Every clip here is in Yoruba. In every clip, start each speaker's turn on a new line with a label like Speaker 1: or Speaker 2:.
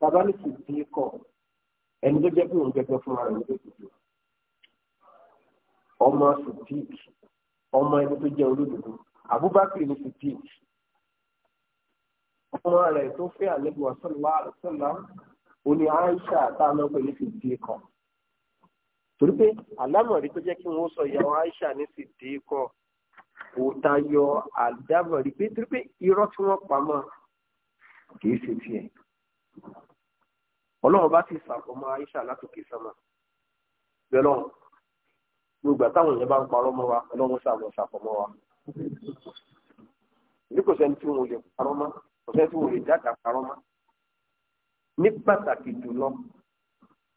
Speaker 1: bàbá mi sì fi kọ ẹni tó jẹ́ pé òun gẹ́gẹ́ fúnra rẹ̀ lóde dòdò ọmọ sidik ọmọ ẹni tó jẹ́ olódodo Abubakar ni sidik ọmọ rẹ̀ tó fẹ́ àlejò àṣọlá àṣọlá òní Aisha táwọn ọmọ ẹni sidik kan torí pé àlámọ̀rí tó jẹ́ kí wọ́n sọ ìyàwó Aisha ní sidik kan kò tayọ àdámọ̀rí pé torí pé irọ́ tí wọ́n pa mọ́ kì í ṣe tiẹ̀ ọlọ́run bá ti sàfọmọ́ aisha látòkè sánmà bẹ́ẹ̀ lọ́run gbogbo àtàwọn èèyàn bá ń parọ́ mọ́ wa ọlọ́run sàmọ̀ sàfọmọ́ wa ní kò sẹ́ni tí wọn ò lè parọ́ mọ́ kò sẹ́ni tí wọn ò lè dáadáa parọ́ mọ́ ní pàtàkì jùlọ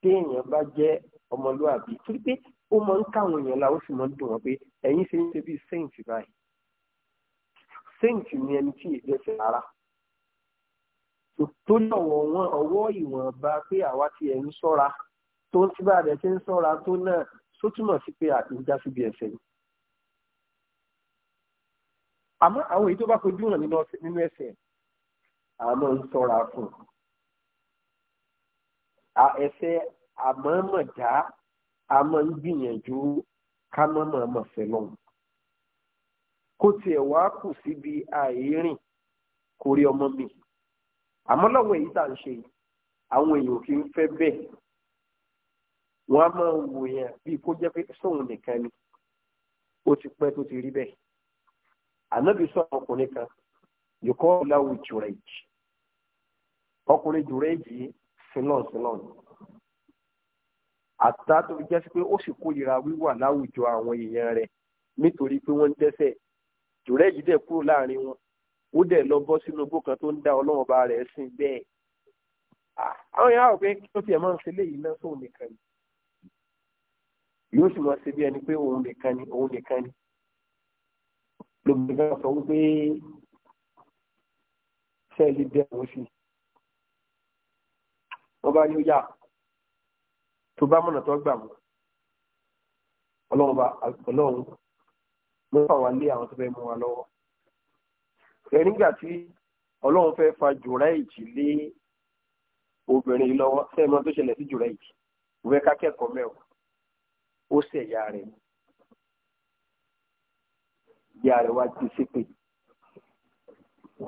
Speaker 1: tí bá jẹ́ ọmọlúwàbí torí pé ó máa ń káwọn èèyàn la ó sì máa ń dùn wọn pé ẹ̀yin ṣe ń ṣe bíi saint báyìí saint ni ẹni tí èdè tó lọ́wọ́ wọn ọwọ́ ìwọ̀nba pé àwa ti ẹ̀ ń sọ́ra tó ń tí bàdẹ̀ ti ń sọ́ra tó náà tó túmọ̀ sí pé àtijọ́ síbi ẹ̀sẹ̀ ni. àmọ́ àwọn èyí tó bá fojú hàn nínú ẹ̀sẹ̀ àmọ́ ń sọ́ra fún un. ẹ̀sẹ̀ àmọ́ mọ̀ dá àmọ́ ń gbìyànjú ká mọ́ mọ̀ mọ̀ fẹ́ lọ́hùn. kó tiẹ̀ wá kù síbi àìrìn kórí ọmọ mi àmọ́ lọ́wọ́ èyí tá à ń ṣe àwọn èèyàn kì í fẹ́ bẹ́ẹ̀ wọ́n á máa wò yẹn bíi kó jẹ́ pé sóun nìkan ni ó ti pẹ́ tó ti rí bẹ́ẹ̀ ànábì sọ ọkùnrin kan yòókọ́ láwùjọ jùrẹ́jì ọkùnrin jùrẹ́jì sílọ̀n sílọ̀n àtà tó fi jẹ́ pé ó sì kórìíra wíwà láwùjọ àwọn èèyàn rẹ̀ nítorí pé wọ́n ń dẹ́ṣẹ̀ jùrẹ́jì dẹ̀ kúrò láàrin wọn ó dẹ̀ lọ bọ́ sínú igbó kan tó ń dá ọlọ́run ọba rẹ̀ sìn bẹ́ẹ̀ àwọn èèyàn àwọn pé kí ló tiẹ̀ máa ń ṣe léyìí náà sóun nìkan ni yóò sì máa ṣe bí ẹni pé òun nìkan ni òun nìkan ni lóbi náà sọ wípé sẹ́ẹ̀lì bẹ́ẹ̀ ló sì wọ́n bá yóò yá tó bá mọ̀nà tó gbà mọ́ ọlọ́run bá ọlọ́run ló fà wá àwọn tó fẹ́ mú wa lọ́wọ́ ẹ̀rígbà tí ọlọ́run fẹ́ fa jùráìjì lé obìnrin lọ́wọ́ sẹ́yìn mọ́ tó ṣẹlẹ̀ sí jùráìjì kò fẹ́ ká kẹ́kọ̀ọ́ mẹ́wàá ó ṣẹ̀yà rẹ̀ ìyá rẹ̀ wá ti ṣépè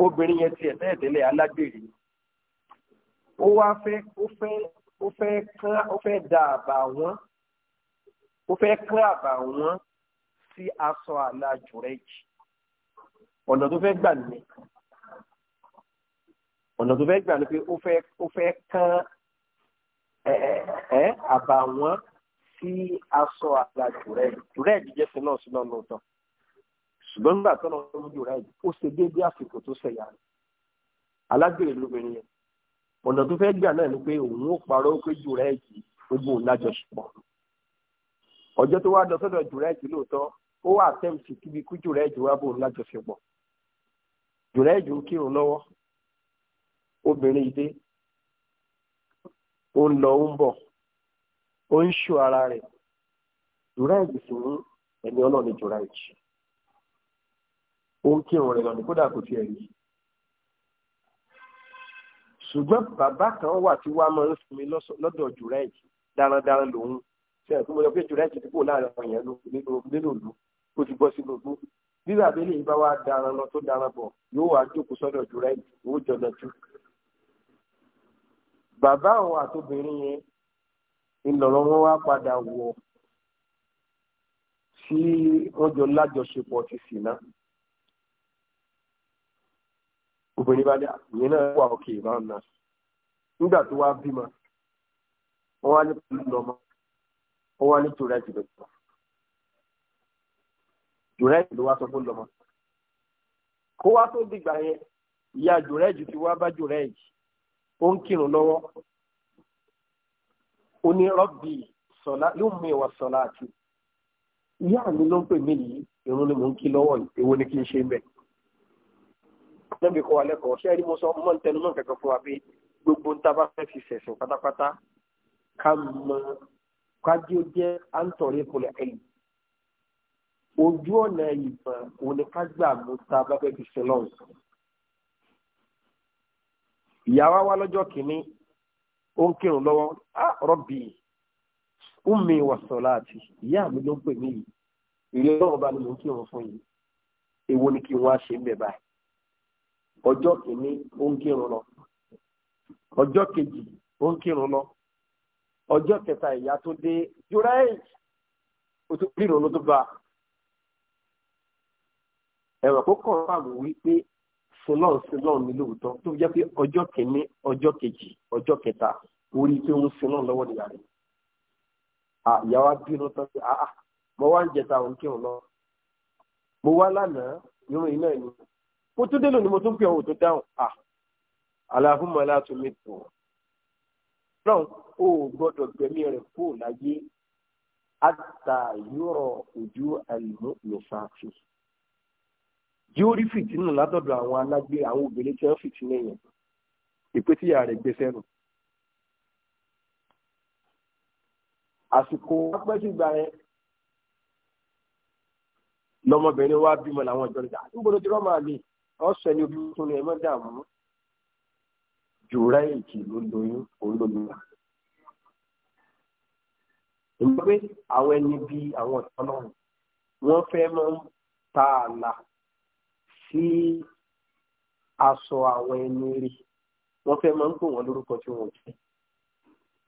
Speaker 1: obìnrin yẹn tiẹ̀ tẹ́lẹ̀tẹ́lẹ̀ alágbèrè ó wá fẹ́ ó fẹ́ ó fẹ́ kán ó fẹ́ da àbà wọn ó fẹ́ kán àbà wọn sí aṣọ àlà jùráìjì ọ̀nà tó fẹ́ gbà nìyẹn ọ̀nà tó fẹ́ gbà ni pé ó fẹ́ ó fẹ́ kán ẹ àbàwọ́n sí aṣọ àlà jùrẹ́ẹ̀dì jùrẹ́ẹ̀dì jẹ́ sí náà sí náà lóòótọ́ ṣùgbọ́n nígbà tó náà lójú jùrẹ́ẹ̀dì ó ṣe déédé àsìkò tó ṣẹ̀yà rẹ̀ alágbèrè lóbìnrin yẹn ọ̀nà tó fẹ́ gbà náà ni pé òun ó parọ́ pé jùrẹ́ẹ̀dì gbogbo òun lájọṣepọ̀ ọjọ́ tó wá lọ sọ́dọ̀ jùrẹ́ẹ̀dì lóòótọ́ ó wà tẹ́ǹsì kíbi kú jùrẹ́ẹ̀dì wá bò òun lájọṣepọ̀ jùlẹ́jù kírun lọ́wọ́ obìnrin ìdè ó ń lọ ó ń bọ̀ ó ń ṣù ara rẹ̀ jùlẹ́jù sì ní ẹni ọlọ́ọ̀ni jùlẹ́jù ó ń kírun rẹ̀ lọ́nà kódà kò tiẹ̀ rí ṣùgbọ́n bàbá kan wà tí wàá máa ń sinmi lọ́dọ̀ jùlẹ́jù darandaran lòun ṣe àtúmọ̀ lọ pé jùlẹ́jù ti kúrò láàrin ọ̀yàn nínú ìlú ó ti gbọ́ sínú ìlú bíbá abẹ́lé yìí bá wá daran lọ tó daran bọ̀ yóò wá jókòó sọ́dọ̀ jù rẹ̀ yóò jọlọ jù. bàbá àwọn àtòbìnrin yẹn ìlọ̀rọ̀ wọn wá padà wọ̀ tí wọ́n jọ lájọṣepọ̀ ti sì ná. obìnrin bá dé àpòyẹ ah, náà wà òkè ìbáwọn náà nígbà tó wá bímọ wọn wá ní pẹ̀lú lọmọ wọn wá ní tòrẹ́tì lọ́pọ̀. jùrẹ́jù ló wá sọ pé ó lọ́mọ kó wá tó dìgbà yẹn ìyá jùrẹ́jù ti wá bá jùrẹ́jù ó ń kírun lọ́wọ́ ó ní rọ́bì sọ̀lá yóò mú ìwà sọ̀lá àti ìyá mi ló ń pè mí yìí irun ni mò ń kí lọ́wọ́ yìí èwo ni kí n ṣe ń bẹ̀. lẹ́bi kọ́ wa lẹ́kọ̀ọ́ ṣé ẹni mo sọ mọ́ ń tẹnu mọ́ kẹ̀kẹ́ fún wa pé gbogbo ń tábà fẹ́ fi sẹ̀sìn pátápátá ká mọ kájí ó jẹ́ à ń ẹ̀yìn ojú ọ̀nà ìmọ̀ òun ni ká gbà mú ta bá fẹ́ fi sin lọ́hùn. ìyá wa wá lọ́jọ́ kìíní ó ń kírun lọ́wọ́ á rọ́bì ummi wa salati ìyá mi ló ń pè mí yìí ilé lọ́wọ́ bá ní mò ń kírun fún yìí èwo ni kí n wá ṣe ń bẹ̀ báyìí ọjọ́ kìíní ó ń kírun lọ ọjọ́ kejì ó ń kírun lọ ọjọ́ kẹta ìyá tó dé jùlọ ẹ̀ kírun ló tó bá a ẹ̀rọ kókò pàrọ̀ wípé sinlọ́n sinlọ́n mi lóòótọ́ tó fi jẹ́ pé ọjọ́ kìíní ọjọ́ kejì ọjọ́ kẹta orí pé òun sinlọ́n lọ́wọ́ nìyá rẹ̀ ìyàwó bínú tán pé àá mo wá ń jẹta òun kí òun lọ mo wá lánàá irun iná ẹ̀ ni mo tún délò ni mo tún pè ọ́ tó dáhùn à aláfúnmọ́ aláàtún mi tò náà ó gbọ́dọ̀ gbẹ̀mí rẹ̀ kó láyé àtàyọ̀rọ̀ ojú àìmọ́ lọ́sàáfì yóò rí fìtínà látọ̀dọ̀ àwọn alágbé àwọn obìnrin tí wọ́n fìtínà yẹn ìpè tíyà rẹ̀ gbé sẹ́nu. àsìkò apẹ́sìgbà yẹn lọmọbìnrin wa bímọ làwọn ìjọ nígbà ah, níbo ló ti rọ́ máa lè ọ̀sẹ̀ ni obi tún ni ẹ má dààmú jùrá èjì ló lóyún òun ló lóyún. ìgbà pé àwọn ẹni bíi àwọn ìtọ́nà wọn fẹ́ máa ń ta àlà sí aṣọ àwọn ẹni rí wọ́n fẹ́ máa ń pò wọ́n lórúkọ tí wọ́n jẹ́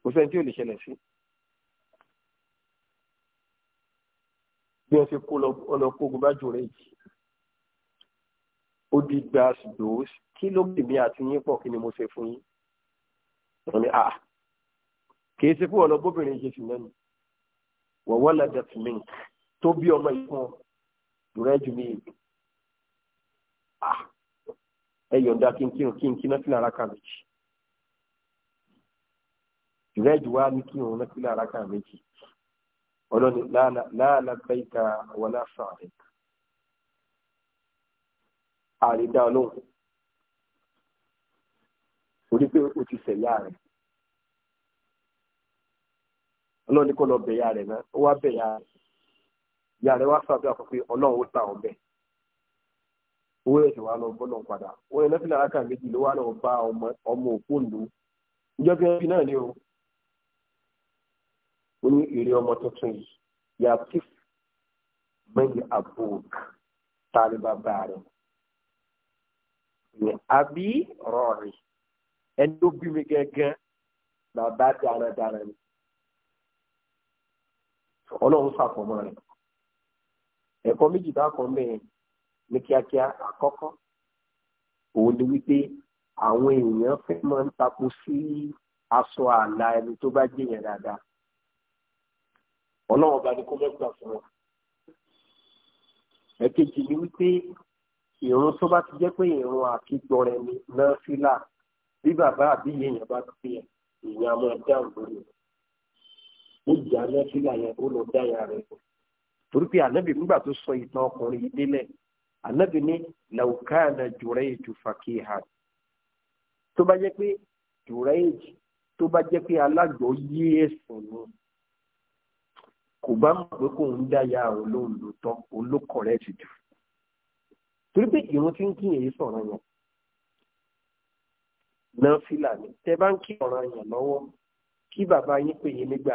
Speaker 1: kò sẹ́ni tí ò lè ṣẹlẹ̀ sí. bí wọ́n ṣe kó ọlọ́kọ́ ogun bá jòrè yìí ó di gba ṣùgbọ́n kí ló bì mí àti yín pọ̀ kí ni mo ṣe fún yín. wọ́n ní àà ah, kì í ṣe pé ọ̀nà bóbìnrin ṣe sì wọ̀wọ́ lẹ́dẹ̀ẹ́tì mi tó bí ọmọ ìfún rẹ̀ jù mí yìí. Ah. ẹ yọ̀ǹda kí n kí n kí n kí náà fìlà araka méjì ìrẹ́jù wa ní kí n náà fìlà araka méjì ọlọ́ni láàlá bẹ́ẹ̀ka wọlé sàárẹ̀ àrídá ọlọ́run orí pé o ti sẹ̀yà rẹ̀ ọlọ́ni kọ́ lọ bẹ̀yà rẹ̀ náà ó wá bẹ̀yà rẹ̀ yà àkọ́kọ́ ọlọ́run ó owó ẹ̀sẹ̀ wa lọ bọ́ lọ padà wọ́n yẹn lẹ́fìlà rákà méjì ló wà lọ bá ọmọ òpóǹdó níjọ́ bí wọ́n fi náà ní o ó ní ọmọ tuntun yìí yàtí bẹ́ẹ̀ni àbòk tàbí bàbá ní àbí rọ̀rì ẹni tó bí mi gẹ́gẹ́ bàbá dáradára ni ọlọ́run ṣàfọ̀mọ́ rẹ̀ méjì bá ní kíákíá àkọ́kọ́ òun ni wípé àwọn èèyàn fẹ́ máa ń tako sí aṣọ ààlà ẹni tó bá jẹyàn dáadáa ọlọ́run ọba ni kó mẹ́gbà fún wọn. ẹ̀kejì ni wípé ìrun tó bá ti jẹ́ pé ìrun àkígbọ̀rẹ̀ ni náà fílà bí bàbá àbí èèyàn bá pè é èèyàn á máa dáhùn lórí rẹ̀ ó jà náà fílà yẹn ó lọ dá ìyá rẹ̀ torí pé ànábì nígbà tó sọ ìtàn ọkùnrin yìí délẹ̀ ànábì ni laukana jureju fakihan tó bá jẹ́ pé jureju tó bá jẹ́ pé alágbọ̀ yé ẹ̀sùn ni kò bá mọ̀ pé kò ń dáyà olóhùn ló tọ́ olókọ̀rẹ́ ti jù torí pé ìrun tí ń kí èyí sọ̀rọ̀ yẹn náà fìlà ní tẹ bá ń kí ọ̀rọ̀ yẹn lọ́wọ́ kí bàbá yín pè yín nígbà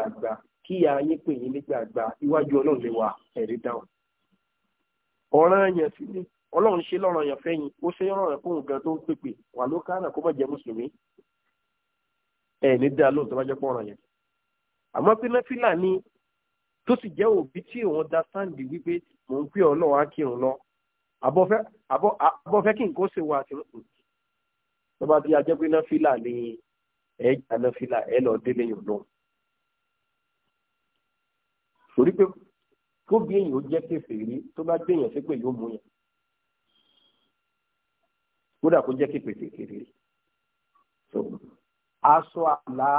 Speaker 1: ọ̀ràn yẹn sí ni ọlọ́run ṣe lọ́ràn yẹn fẹ́yìn ó ṣe ọ̀ràn yẹn fóun gan tó ń pèpè wà ló kánà kó má jẹ́ mùsùlùmí ẹ̀ ní dáa lóòótọ́ bá jẹ́ pọ̀ ọ̀ràn yẹn. àmọ́ pé náfìlà ni tó sì jẹ́ òbí tí òun da sáǹdì wípé mò ń pè ọlọ́run á kírun lọ àbọ̀fẹ́ kí nǹkan ṣe wà á ti tó bá di ajẹ́ pé ni ẹ̀ jà náfìlà ẹ̀ lọ délé yòó lọ kó bí èyàn ó jẹ́ kèfèrí tó bá gbé èyàn ṣépè yóò mú yàn kódà kó jẹ́ kèfèrí so aṣọ àlá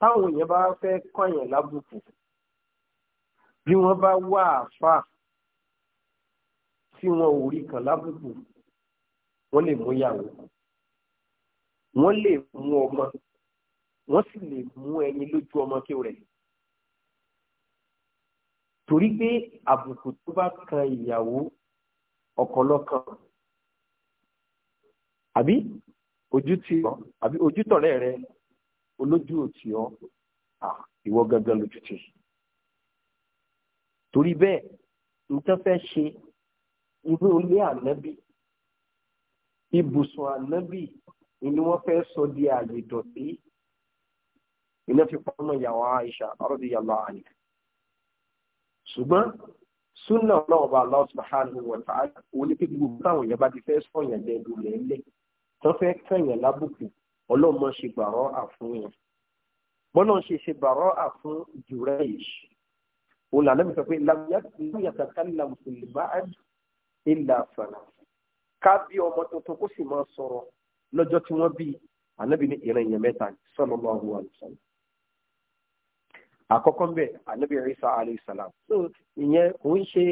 Speaker 1: táwọn èèyàn bá fẹ́ kọ̀yàn lábùkù bí wọ́n bá wá àáfà tí wọn ò rí kan lábùkù wọ́n lè mú yàwó wọ́n lè mú ọmọ wọ́n sì lè mú ẹni lójú ọmọ kí o rẹ̀ yìí torí pé àbùkù tó bá kan ìyàwó ọ̀kọ̀lọ́kan àbí ojú tì ọ́ àbí ojú tọ̀rẹ́ rẹ olójú òtì ọ́ ìwọ gangan lójú tì torí bẹ́ẹ̀ nǹkan fẹ́ ṣe irú ilé ànábì ibùsùn ànábì ni wọ́n fẹ́ sọ di àyè dọ̀tí iná fi pamọ́ ìyàwó Aisha radiyallahu anha ṣùgbọ́n súnà ọlọ́ọ̀bá Allah subhanahu wa ta'ala oníkébi gbogbo táwọn èèyàn bá ti fẹ́ sọ̀yàn dẹ́gbù lẹ́lẹ̀ tó fẹ́ kẹ̀yàn lábùkù ọlọ́mọ ṣe bàrọ́ àfún yẹn bọ́lá ń ṣe ṣe bàrọ́ àfún Jurayj òun làná mi sọ pé lámìyàtà kálílà mùsùlùmá ìlà àfàlà ká bí ọmọ tuntun kó sì máa sọ̀rọ̀ lọ́jọ́ tí wọ́n bí ànábì ní ìrìn yẹn mẹ́ta sallallahu alaihi wasallam àkọ́kọ́ ń bẹ̀ ànábì Ìsá alayhi salam so ìyẹn kò ń ṣe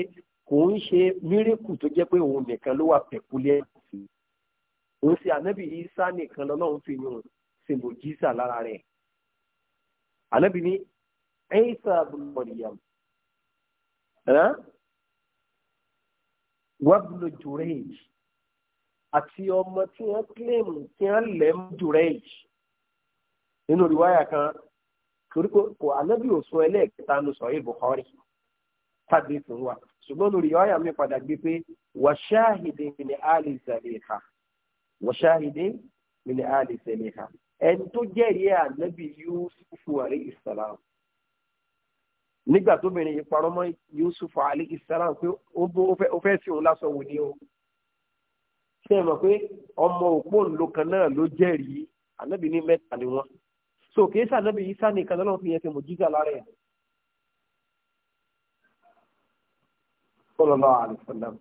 Speaker 1: kò ń ṣe mírèkù tó jẹ́ pé òun nìkan ló wà pẹ̀kúlẹ̀ sí òun sì ànábì Ìsá nìkan lọ́lọ́run fi yàn ṣe mùjísà lára rẹ̀ ànábì ní Ìsá ibn Maryam wabnu àti ọmọ tí wọ́n kílèmù tí wọ́n lẹ̀ mú Jurayj nínú ìwáyà kan torí kò ànábì ò sọ ẹlẹ́ẹ̀kẹta nu sọ̀rọ̀ Bukhari tàbí fún wa ṣùgbọ́n lórí ọ̀yà mi padà gbé pé wàṣáhìdé min ali zaliha wàṣáhìdé min ali zaliha ẹni tó jẹ́rìí ànábì Yusufu alayhi salam nígbà tóbìnrin yìí parọ́ mọ́ Yusufu alayhi salam pé ó fẹ́ sí òun lásán wò ni o ṣé ẹ mọ̀ pé ọmọ òpó ńlò kan náà ló jẹ́rìí ànábì ní mẹ́ta ni wọ́n so kìí sànẹ́bí isa nìkan lọ́nà fi yẹn fi mùjíza lára ẹ̀ sallallahu alaihi wasallam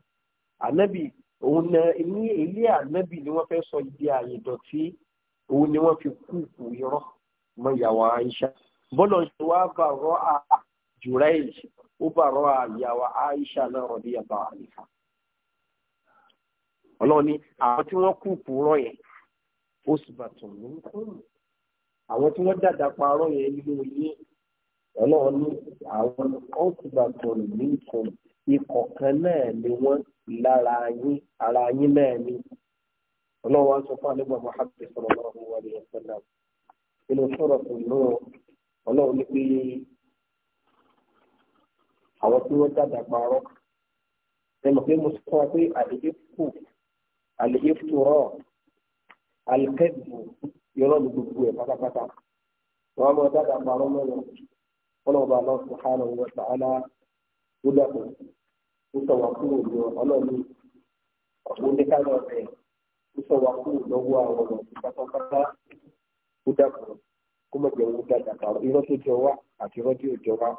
Speaker 1: ànẹ́bí òun na ní ilé ànẹ́bí ni wọ́n fẹ́ sọ ibi ààyè dọ̀tí òun ni wọ́n fi kúùkù irọ́ mọ ìyàwó Aisha bọ́lọ̀ ṣe wá bá rọ́ a Jurayj ó bá rọ́ a ìyàwó Aisha náà radiyallahu anha ọlọ́ni àwọn tí wọ́n kúùkù rọ́ yẹn ó sì bàtàn ló ń kúrò àwọn tí wọ́n dàda parọ́ yẹn nínú yín ọlọ́run ní àwọn ọ̀túnbàtọ̀rù nìkan ikọ̀ kan náà ni wọ́n lára yín ara yín náà ni ọlọ́run wá sọ fún àlébà Muhammad sallallahu alaihi wasallam nínú sọ̀rọ̀ tó lọ ọlọ́run ní pé àwọn tí wọ́n dàda parọ́ ẹnu pé mo sọ pé àlèyé kù àlèyé tó rọ̀ àlèkẹ́dùn yọrọ ní gbogbo ẹ pátápátá wọn máa dáadáa parọ́ mọ́lẹ̀ ọlọ́ọ̀bà náà subhanahu wa ta'ala ó dàpọ̀ ó sọ wá kúrò ní ọlọ́ọ̀ni ọ̀pọ̀ oníkálọ̀ ọ̀tẹ̀ ó sọ wá kúrò lọ́wọ́ àwọn ọ̀nà pátápátá ó dàpọ̀ kó mọ̀ jẹ́ dáadáa parọ́ irọ́ tó jọ wá àti irọ́ tí jọ wá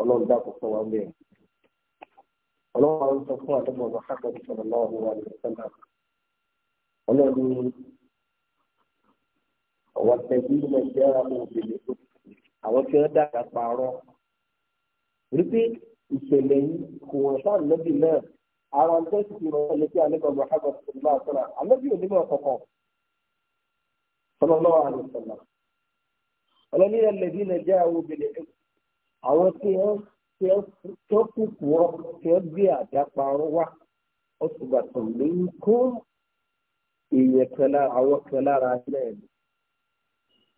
Speaker 1: ọlọ́run dàpọ̀ sọ wá mẹ́rin ọlọ́run sọ fún àdúgbò Muhammad ọ̀wọ́ tẹ̀sí ní ẹgbẹ́ ara mọ̀ òbèlè àwọn tí wọ́n dàgbà pààrọ̀ rí pé ìṣẹ̀lẹ̀ yìí kò wọ́n sáà lọ́bì náà ara ń tẹ́sí ti rọ̀ lẹ́sí alẹ́kọ̀ọ́ Muhammad sallallahu alaihi wasallam alẹ́bí ò nímọ̀ kọ̀kọ̀ sallallahu alaihi wasallam ọlọ́ní ẹlẹ́bí náà jẹ́ àwọn òbèlè àwọn tí wọ́n tí wọ́n kú kúrọ́ tí wọ́n gbé àdá pààrọ̀ wá ọ̀ṣùgbàtàn lè ń èèyàn kan lára àwọn kan lára ilé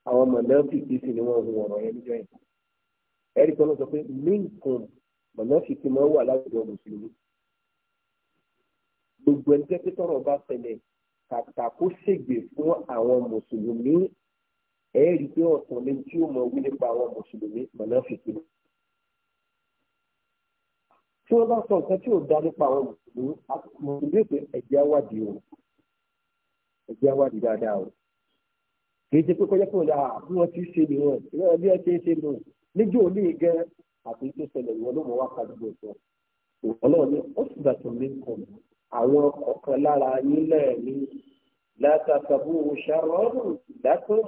Speaker 1: àwọn mọ̀lẹ́fì kì í sì ni wọ́n hu ọ̀rọ̀ yẹn níjọ́ yẹn ẹ̀rí kan ló sọ pé lincoln mọ̀lẹ́fì ti máa ń wà láwùjọ mùsùlùmí gbogbo ẹni tẹ́tí tọrọ bá ṣẹlẹ̀ kàkà kó ṣègbè fún àwọn mùsùlùmí ẹ̀rí pé ọ̀tọ̀ ni tí ó mọ̀ wí nípa àwọn mùsùlùmí mọ̀lẹ́fì kì í tí wọ́n bá sọ nǹkan tí ò dá nípa àwọn mùsùlùmí mùsùlùmí pé ẹ̀jẹ̀ awádìí o ẹ̀jẹ̀ awádìí dáadáa o kìí ṣe pé kọjá pé ọ̀dà bí wọ́n ti ṣe nìyẹn ìwọ́n bí wọ́n ti ṣe nù níjó ní gan àti tó ṣẹlẹ̀ ìwọ́n ló mọ̀ wá ká gbogbo ìtàn ọlọ́run ni ó sì gbà tó lé kàn àwọn ọ̀kan lára yín lẹ́ẹ̀ni látàkàbù ṣàrọ́rùn dákùn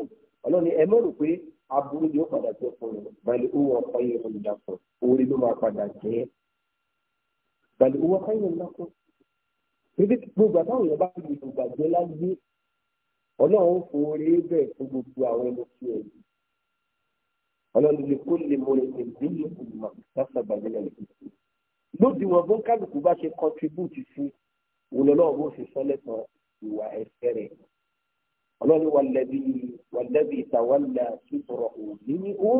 Speaker 1: ọlọ́run ni ẹ mọ̀ rò pé aburú yóò padà tó fún un bàlẹ̀ owó ọkọ̀ yìí rọ̀ dàpọ̀ orí ló máa padà jẹ́ bàlẹ̀ owó ọkọ̀ yìí rọ̀ dàpọ̀ ọlọ́run forí bẹ́ẹ̀ fún gbogbo àwọn ẹni tí ẹ̀ yìí ọlọ́run lè kó lè mọ ẹ̀sìn bí ìmọ̀ lásàgbà nílẹ̀ yìí lódì wọn bó kálukú bá ṣe kọntribúùtì sí òun lọ́wọ́ bó ṣe sọ lẹ́tọ̀ ìwà ẹ̀fẹ́ rẹ̀ ọlọ́run wàlẹ́bí wàlẹ́bí ìtawálà sísọ̀rọ̀ òní ní ó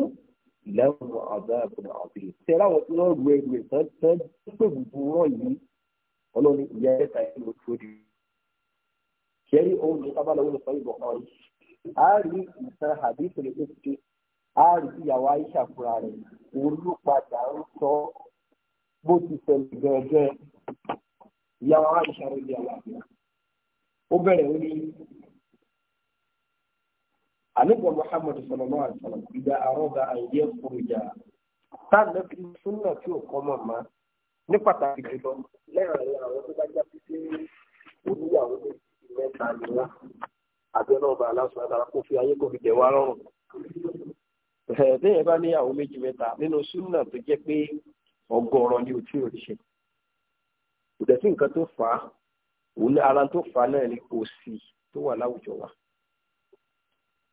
Speaker 1: ìlànà àbáàbọ̀n àbí tẹ̀lé àwọn tí wọ́n rú ẹrù ẹ̀ tán tán pé gbogbo wọn yìí ọlọ́run ìyá ẹ̀ta ẹ̀ ló tó di jẹ́rí òun ní sábà lọ́wọ́ sọ ìbọn kan yìí a rí ìtàn hadith rẹ̀ tó ti a rí ìyàwó Aisha fúnra rẹ̀ olùpadà ń sọ bó ti ṣẹlẹ̀ gẹ́gẹ́ ìyàwó Aisha rẹ̀ di àlàáfíà ó bẹ̀rẹ̀ ó ní àlejò Muhammad sallallahu alaihi ìdá àrọ́gà àìyé kúrò jà táà lẹ́kìn súnà tí ò kọ́ mọ̀ máa ní pàtàkì jùlọ lẹ́yìn àwọn tó bá jáde sí oníyàwó méjì. mẹ́ta ni wọ́n àbẹ́ náà bá aláṣọ àtàrà kó fi ayé kó fi jẹ̀ rọrùn. ẹ̀ẹ́dẹ́yìn bá níyàwó méjì mẹ́ta nínú súnà tó jẹ́ pé ọgọ́rọ̀ ni òtí ò ṣe. ìdẹ̀tí nǹkan tó fà á òun ara tó fà á náà ni òṣì tó wà láwùjọ wa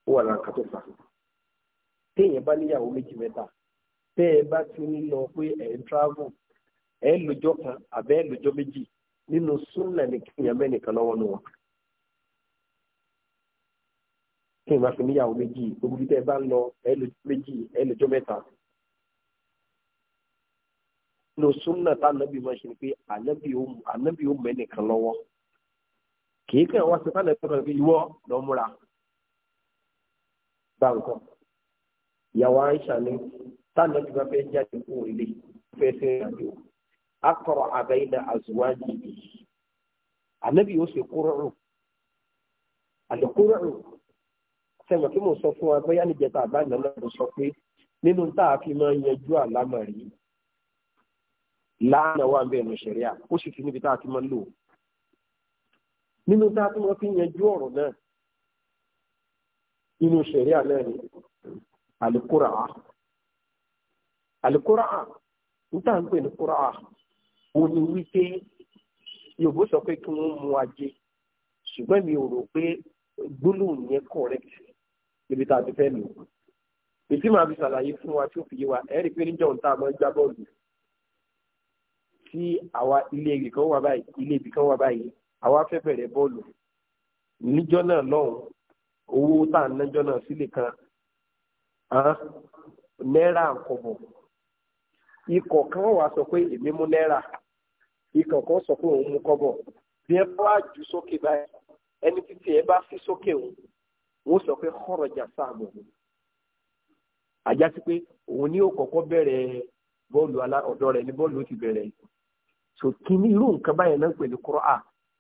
Speaker 1: ó wà tó fà á. téèyàn bá níyàwó méjì mẹ́ta bá ti ń lọ pé ẹ̀ ń travel ẹ̀ kan àbẹ́ ẹ̀ méjì nínú súnà kí n máa fi níyàwó méjì gbogbo ibi tẹ́ ẹ bá ń lọ ẹ lójú méjì ẹ lójó mẹ́ta. nínú súnà tá ànábì máa ṣe ni pé ànábì ó mẹ́nìkan lọ́wọ́ kìí kàn wá sí pálẹ̀ tó kàn fi ìwọ lọ múra gbà nǹkan. ìyàwó Aisha ni táwọn ẹbí bá fẹ́ jáde kó ilé fẹ́ sí ìrìnàjò akọrọ àbẹ́yìnà àzùwájì ànábì ó ṣe kúrọ̀rù àlùkúrọ̀rù sẹ́wọ̀n kí mò ń sọ fún wa bóyá níjẹta àbáyọ náà mo sọ pé nínú tá a fi máa ń yanjú àlámọ̀ rí láàánà wà ń bẹ̀rẹ̀ ní ṣẹ̀ríà ó sì fi níbi tá a ti máa ń lò nínú tá a ti máa fi yanjú ọ̀rọ̀ náà nínú ṣẹ̀ríà náà ni àlùkùrà àlùkùrà níta ń pè ní kùrà ó ní wípé Yorùbá sọ pé kí wọ́n mú ajé ṣùgbọ́n mi ò rò pé gbólóhùn yẹn correct níbi tá a ti fẹ́ lò ètí màá fi ṣàlàyé fún wa tí ó fi yé wa ẹ̀rí pé níjọ́ ń tá a máa ń gbá bọ́ọ̀lù tí àwa ilé ibì kan wà báyìí ilé ibì kan wà báyìí àwa fẹ́ bẹ̀rẹ̀ bọ́ọ̀lù níjọ́ náà lọ́hùn owó tá à ń nájọ́ náà sílé kan náírà àkọ́bọ̀ ikọ̀ kan wà sọ pé èmi mú náírà ikọ̀ kan sọ pé òun mú kọ́bọ̀ bí ẹ bá jù sókè báyìí ẹni títí ẹ bá fi sókè òun wọ́n sọ pé kọ́rọ̀jà sáàmù àjásí pé òun ni ó kọ́kọ́ bẹ̀rẹ̀ bọ́ọ̀lù ọ̀dọ́ rẹ̀ ní bọ́ọ̀lù ó ti bẹ̀rẹ̀ so kí ni irú nǹkan báyẹn náà pẹ̀lú kọ́rọ̀ à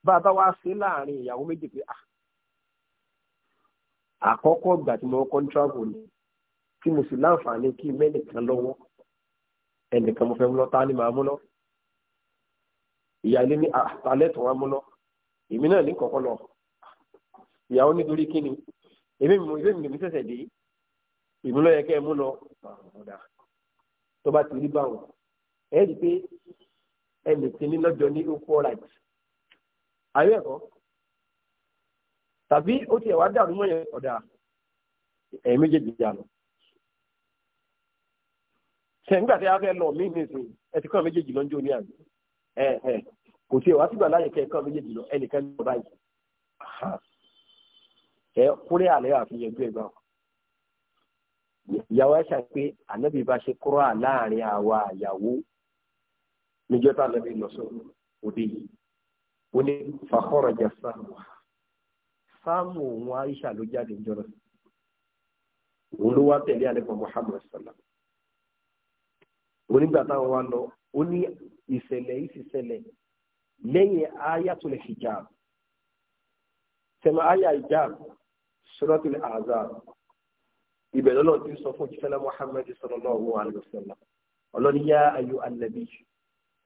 Speaker 1: bá a bá wá sí láàrin ìyàwó méjì pé à ah, àkọ́kọ́ ìgbà tí mo kọ́ ń ni tí mo sì láǹfààní kí mẹ́nìkan lọ́wọ́ ẹnìkan mo fẹ́ mú lọ ta ni màá mú lọ ìyáálé ní àtàlẹ́tọ̀ ah, wa mú lọ èmi náà ní kọ̀ọ̀kan lọ ìyàwó nítorí kí ni èmi mi èmi mi lèmi ṣẹ̀ṣẹ̀ dé èmi ló yẹ kẹ́ ẹ mú lọ ọ̀dà tó bá ti rí báwọn ẹ rí i pé ẹnì kìíní lọ́jọ́ ní ó kọ́ right ayé ẹ̀kọ́ tàbí ó ti ẹ̀wá dàrú mọ́ yẹn ọ̀dà ẹ̀yìn méjèèjì jà lọ. sẹ̀ńgbà tí a fẹ́ lọ mí nìsín ẹ ti kọ́ méjèèjì lọ́njọ́ ní àná ẹ̀ ẹ̀ kò tí ẹ̀wá sígbà láyè kẹ́ kọ́ méjèèjì lọ ẹnìkan ní ọ̀dà yìí ẹ kúrẹ́ àlẹ́ àfi yẹjú ẹgbẹ́ wọn. ìyàwó ẹ̀ṣà pé ànábì bá ṣe kúrọ́ à láàrin àwa àyàwó níjọ́ tá ànábì lọ sọ òde yìí ó ní fàkọ́rọ̀jà sáàmù sáàmù òun Aisha ló jáde jọrọ òun ló wá tẹ̀lé àlẹ́kọ̀ọ́ Muhammad sallam onígbà táwọn wa lọ ó ní ìṣẹ̀lẹ̀ ìṣẹ̀lẹ̀ lẹ́yìn ayatul hijab sẹ́mi aya hijab suratul azab ibẹ̀ lọ́lọ́ ti sọ fún jíṣẹ́lá muhammed sallallahu alayhi wa sallam ọlọ́ni yá ayu anabi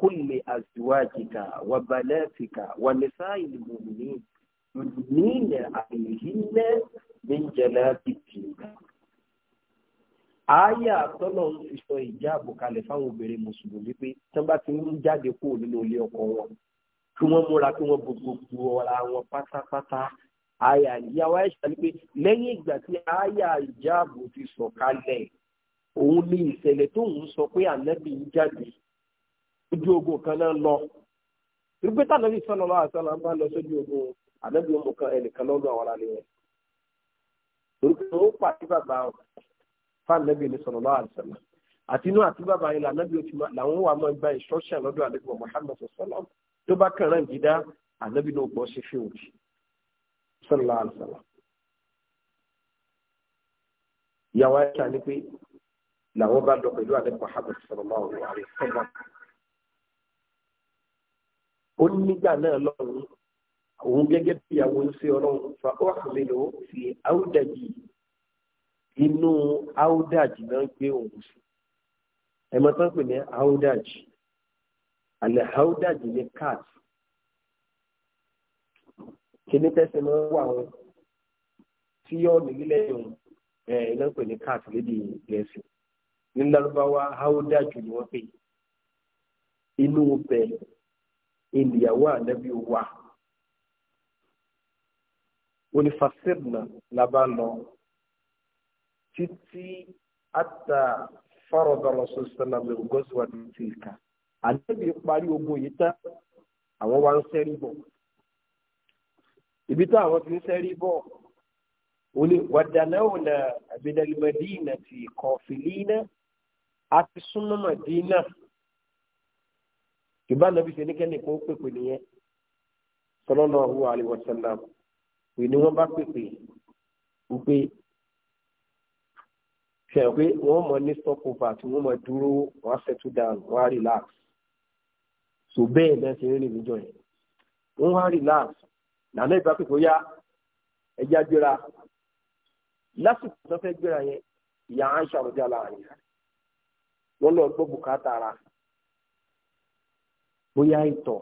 Speaker 1: kulli azwajika wa banatika wa nisa'il mu'minin yudnina alayhinna min jalabibihinna. àáyà tọ́lọ̀ ń fi sọ ìjáàbù kalẹ̀ fáwọn obìnrin mùsùlùmí pé tí wọ́n bá ti ń jáde kúrò nínú ilé ọkọ wọn kí wọ́n múra kí wọ́n gbogbo ọ̀la àyà ìyàwó àìsàn ni pé lẹ́yìn ìgbà tí àyà ìjáàbò ti sọ̀kalẹ̀ òun ní ìṣẹ̀lẹ̀ tó ń sọ pé ànábì ń jáde ojú ogun kan náà lọ wípé tànàbí sọ̀nà lọ́wọ́ àṣàlà ń bá lọ sójú ogun ànábì ọmọ kan ẹnìkan lọ́dọ̀ àwọn alẹ́ rẹ̀ orúkọ ó pàdé bàbá fànàbì ní sọ̀nà lọ́wọ́ àṣàlà àti inú àti bàbá yẹn lànàbí ó ti máa làwọn wà máa gba instruction lọ́dọ̀ ànábì Muhammad sọ̀sọ́lá tó bá kàn rán jìdá ànábì náà gbọ́ sí fíwòjì sallallahu alaihi wasallam ìyàwó ayé ṣáà ní pé làwọn bá lọ pẹ̀lú àlẹ́ Muhammad sallallahu alaihi wasallam ó nígbà náà lọ́rùn òun gẹ́gẹ́ bí ìyàwó ń ṣe ọlọ́run fa ó àmì lò ó fi áúdàjì inú áúdàjì náà gbé òun sí ẹ̀mọ́tán pè ní áúdàjì àlẹ́ áúdàjì ní káàtì kíní tẹ́sí mọ́ wà wọn tí yóò nílí lẹ́yìn ẹ̀ iná pè ní cat lédi gẹ̀ẹ́sì ní lárúbáwá haúdà jù ni wọ́n pè inú bẹ̀ ìlìyàwó ànábì wà onífàṣẹ́bùnà la bá lọ títí àtà fọ́rọ̀dọ̀rọ̀ sọ́sọ́nà lẹ́gọ́sì wà ní tìǹkà ànábì parí ogun yìí tán àwọn wa ń sẹ́rí bọ̀ ibi tó àwọn ti ń sẹ́rí bọ̀ òní wàdànáwòlà àbẹ̀dàlùmọ̀dínà ti kọ̀ọ̀fìlínà àti súnmọ́mọ̀dínà ìbá nàbí ṣe níkẹ́ni kó pèpè nìyẹn sallallahu alaihi wasallam pè ní wọ́n bá pèpè wípé ṣe pé wọ́n mọ̀ ní stopover tí wọ́n mọ̀ dúró wọ́n á settle down wọ́n á relax so bẹ́ẹ̀ náà ṣe ń rìn níjọ yẹn wọ́n wá relax nàánú ìbákùn tó yá ẹja gbéra lásìkò tó fẹ́ gbéra yẹn ìyá Aisha rọjò aláàárín wọn lọ gbọ́ bùkátà ara bóyá ìtọ̀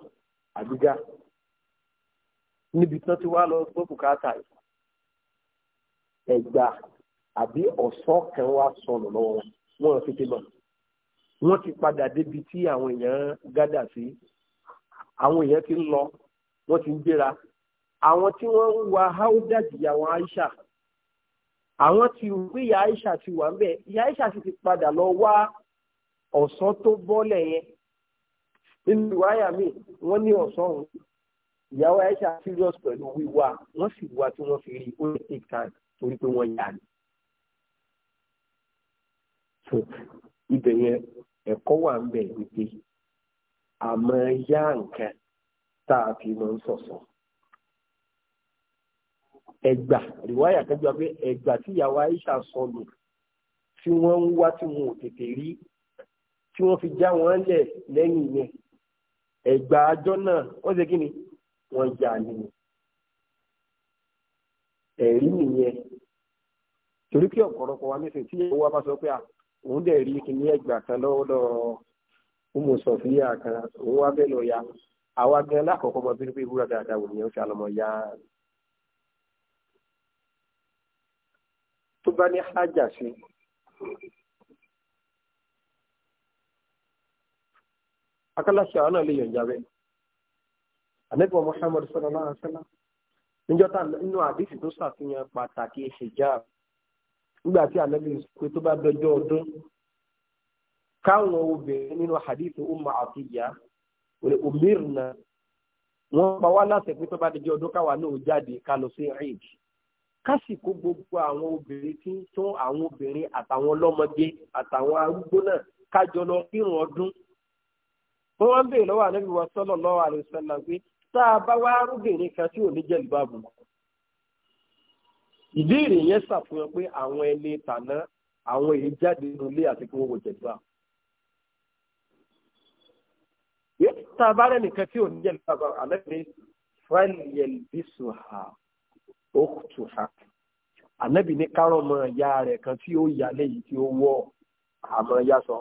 Speaker 1: àgbéga níbi tí wọ́n ti wá lọ gbọ́ bùkátà yìí ẹgbà àbí ọ̀sán kan wá sọnù lọ́wọ́ wọn wọn tètè lọ wọn ti padà débi tí àwọn èèyàn gádà sí àwọn èèyàn ti ń lọ wọn ti ń gbéra àwọn tí wọ́n ń wa haudat ìyàwó Aisha àwọn ti rò pé ìyá Aisha ti wà ń bẹ̀ ìyá Aisha sì ti padà lọ wá ọ̀sán tó bọ́lẹ̀ yẹn nínú ìwáyà mi wọ́n ní ọ̀sán òun ìyàwó Aisha serious pẹ̀lú wíwá wọ́n sì wá tí wọ́n fi rí ó take time torí pé wọ́n yà ni. so ibẹ̀ yẹn ẹ̀kọ́ wà ń bẹ̀ wípé àmọ́ yá nǹkan tá a fi máa ń sọ̀sọ̀. So ẹgbà rìwáyà kẹjọ pé ẹgbà tí ìyàwó Aisha sọnù tí wọ́n ń wá tí wọn ò tètè rí tí wọ́n fi já wọn lẹ̀ lẹ́yìn yẹn ẹgbà àjọ náà wọ́n ṣe kí ni wọ́n jà nínú ẹ̀rí nìyẹn torí pé ọ̀pọ̀lọpọ̀ wa nísìnyí tí ìyàwó wa bá sọ pé à òun dẹ̀ rí kìíní ẹgbà kan lọ́wọ́ ọmọ sọfíà kan òun wá bẹ́ẹ̀ lọ ya àwa gan lákọ̀ọ́kọ́ mọ bí wíwúrà dáadáa wò nìyẹn ó ṣàlọ́mọ ya bá ní hájà sí akálàṣà àwọn náà lè yọ̀ǹda bẹ́ẹ̀ ànábì Muhammad sallallahu alaihi wasallam níjọ́ tá nínú àdìsí tó ṣàfihàn pàtàkì hijab nígbà tí ànábì pé tó bá dọjọ́ ọdún káwọn obìnrin nínú hadith Ummu Atiyya
Speaker 2: òní umirna
Speaker 1: wọ́n pa wá láṣẹ pé tó bá dọjọ́ ọdún káwa náà jáde ká lọ sí Eid kásìkò gbogbo àwọn obìnrin tí ń tún àwọn obìnrin àtàwọn ọlọ́mọdé àtàwọn arúgbó náà kájọ lọ kírun ọdún. wọ́n wá ń bèèrè lọ́wọ́ ànábì wa sallallahu alaihi wasallam pé tá a bá wá arúgbìnrin kan tí ò ní jẹ́ ìbáàbò. ìbéèrè yẹn ṣàfihàn pé àwọn ẹni tàná àwọn èyí jáde nínú ilé àti kí wọ́n wọ jẹ̀dúrà. tá a bá rẹ̀ nìkan tí ò ní jẹ́ ìbáàbò àlẹ́ mi fẹ́ẹ́ o ànábì ní kárọ̀ mọ ìyá rẹ̀ kan tí ó yà léyìí tí ó wọ̀ àmọ́ yá sọ.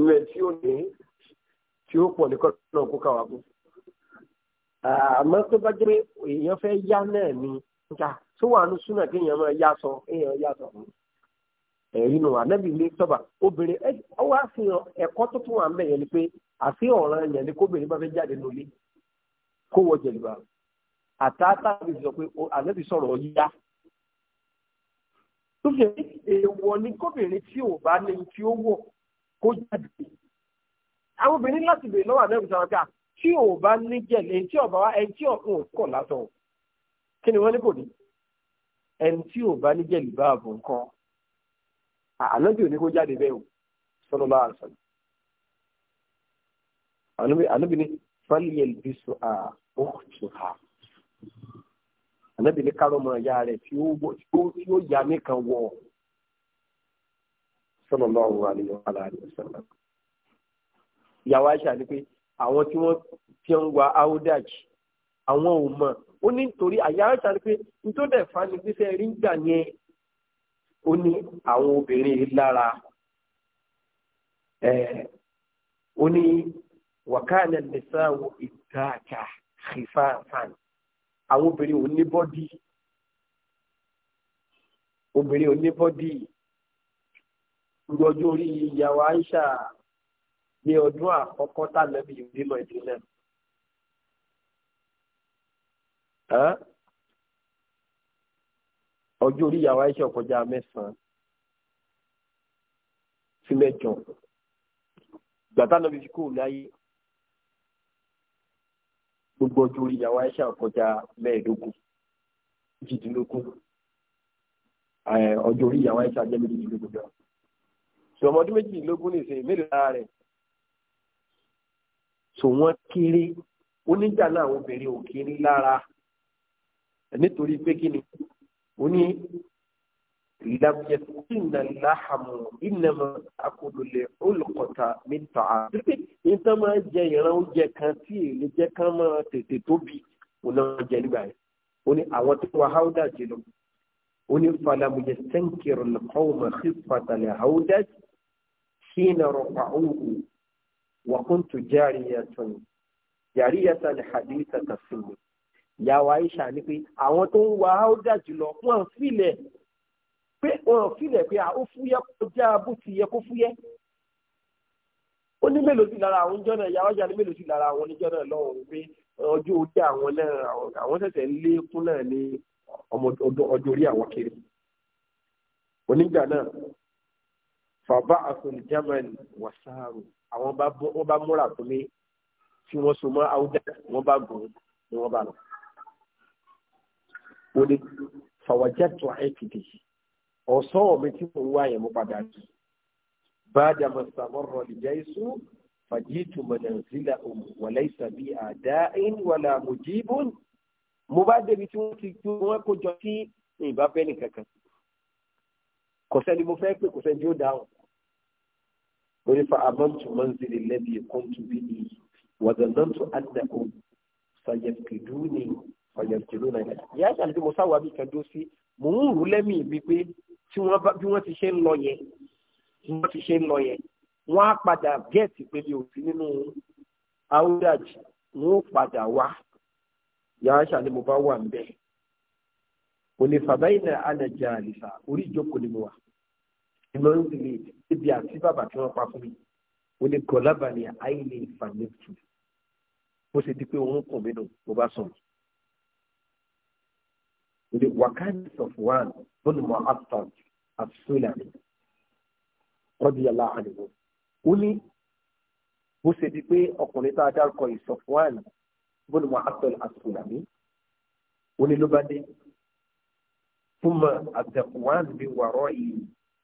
Speaker 1: ìwẹ̀ tí ó ní tí ó pọ̀ ní kọ́tùnà kó kú. àmọ́ tó bá jẹ́ èèyàn fẹ́ yá náà ni tó wà ní súnà máa yá sọ yá sọ fún ẹ̀rí nù anabi ilé sọ́ba obìnrin ọwụwa si ẹ̀kọ́ tó wà ń yẹn ni pé àfi ọ̀ràn yẹn ni kóbìnrin bá fẹ́ jáde lólé kó wọ jẹ̀lúbà àtàtà mi sọ pé sọ̀rọ̀ yíyá èèwọ̀ ni kóbìnrin tí ò bá tí ó wọ̀ kó jáde àwọn obìnrin ni wọ́n ní ànábì ò ní kó jáde bẹ́ẹ̀ o sọ́dọ̀ bá àṣà ànábì ní fàlìyẹl bí so à ó tù ha ànábì ní kárọ̀ mọ́ ìyá rẹ̀ tí ó yà nìkan wọ̀ sọ́dọ̀ bá òun àlejò aláàrẹ̀ sọ́dọ̀ ìyàwó àṣà ni pé àwọn tí wọ́n ti ń wa áódàjì àwọn ò mọ̀ ó ní nítorí àyà àṣà ni pé nítorí ẹ̀fà ni pé sẹ́ẹ̀rí ń gbà yẹn ó ní àwọn obìnrin lára ó ní wàkánà nìsáwò ìdáàkà xìfáàfáàn àwọn obìnrin oníbọ́dì obìnrin oníbọ́dì irú ọjọ́ orí ìyàwó Aisha ní ọdún àkọ́kọ́ tàbí ìdílé ìdílé ọjọ́ orí ìyàwó Aisha kọjá mẹ́sàn-án sí mẹ́jọ gbàtà nàbí fi kó láyé gbogbo ọjọ́ orí ìyàwó Aisha kọjá mẹ́ẹ̀ẹ́dógún méjìdínlógún ọjọ́ orí ìyàwó Aisha jẹ́ méjìdínlógún náà sọ ọmọdún méjìdínlógún nìsín mélòó lára rẹ̀ tò wọ́n kéré oníjà náà àwọn obìnrin ò kéré lára nítorí pé kí ni ó ní ìlàkùnà láhàmù ìnàmọ akọlùlẹ olùkọta níta àdúgbò níta máa jẹ ìran oúnjẹ kan tí èlé jẹ kán máa tètè tóbi òun náà jẹ nígbà yẹn ó ní àwọn tó wà háódà jẹ lọ ó ní falamuyẹ sẹńkìrì lọkọọmọ xífàtàlẹ háódà حين رفعوه وكنت جارية جارية حديثة السن ìyàwó Aisha ni pé àwọn tó ń wa áódà jùlọ wọn filẹ̀ pé wọn filẹ̀ pé ó fúyẹ́ kọjá bó ti yẹ kó fúyẹ́ ó ní mélòó sí lára àwọn oníjọ́ náà ìyàwó Aisha ní mélòó sí lára àwọn oníjọ́ náà lọ́wọ́ pé ọjọ́ orí àwọn náà àwọn ṣẹ̀ṣẹ̀ ń lékún náà ní ọjọ́ orí àwọn kiri onígbà náà fàbá àfẹnù germany wàsáàrù àwọn bá múra fún mi tí wọ́n so mọ́ áódà wọ́n bá gùn ni wọ́n bá lọ ó ní fàwọ̀jẹ́tò àìkìdì ọ̀sán omi tí mo ń wá yẹn mo padà rí báàdà mọ̀sàmọ́rọ̀ ìjà iṣu fàjìtù mọ̀nàzílà wàlẹ́ ìsàbí àdá ìwàlà mùjíbùn mo bá débi tí wọ́n ti gbé wọn kó jọ sí ìbá fẹ́ nìkankan kò sẹ́ni mo fẹ́ pé kò sẹ́ni yóò dáhùn ó ní fa àmọ́ntù mọ́nzílì lẹ́bi ẹ̀kọ́ tó bí ní wàdàndàntù àdàkùn sàyẹ̀kìdú ni ọ̀yẹ̀ ìjìlú náà ìyá ìṣàlẹ̀ tí mo sáwà bí kan dó sí mò ń rú lẹ́mì mi pé tí wọ́n bá bí wọ́n ti ṣe ń lọ yẹn bí wọ́n ti ṣe ń lọ yẹn wọ́n á padà gẹ́ẹ̀tì pé mi ò nínú audaj wọ́n ó padà wá ìyá ìṣàlẹ̀ mo bá wà ń bẹ̀ onífàbáyìnà ànàjà àlìsà orí ìjókòó ni mo wà ìmọ̀ ń dìlé ibi àti bàbà tí wọ́n pa fún mi oníkọ̀ọ́lábà ni àìlè ìfàmìtì bó ṣe di pé òun kùn mí nù mo bá sọ̀rọ̀ the Wakani Safwan bin Mu'attab as-Sulami radiyallahu anhu ó ní bó ṣe di pé ọkùnrin tá a dárúkọ yìí Safwan bin Mu'attab as-Sulami ó ní ló bá dé thumma ad-Dakwan min wara'i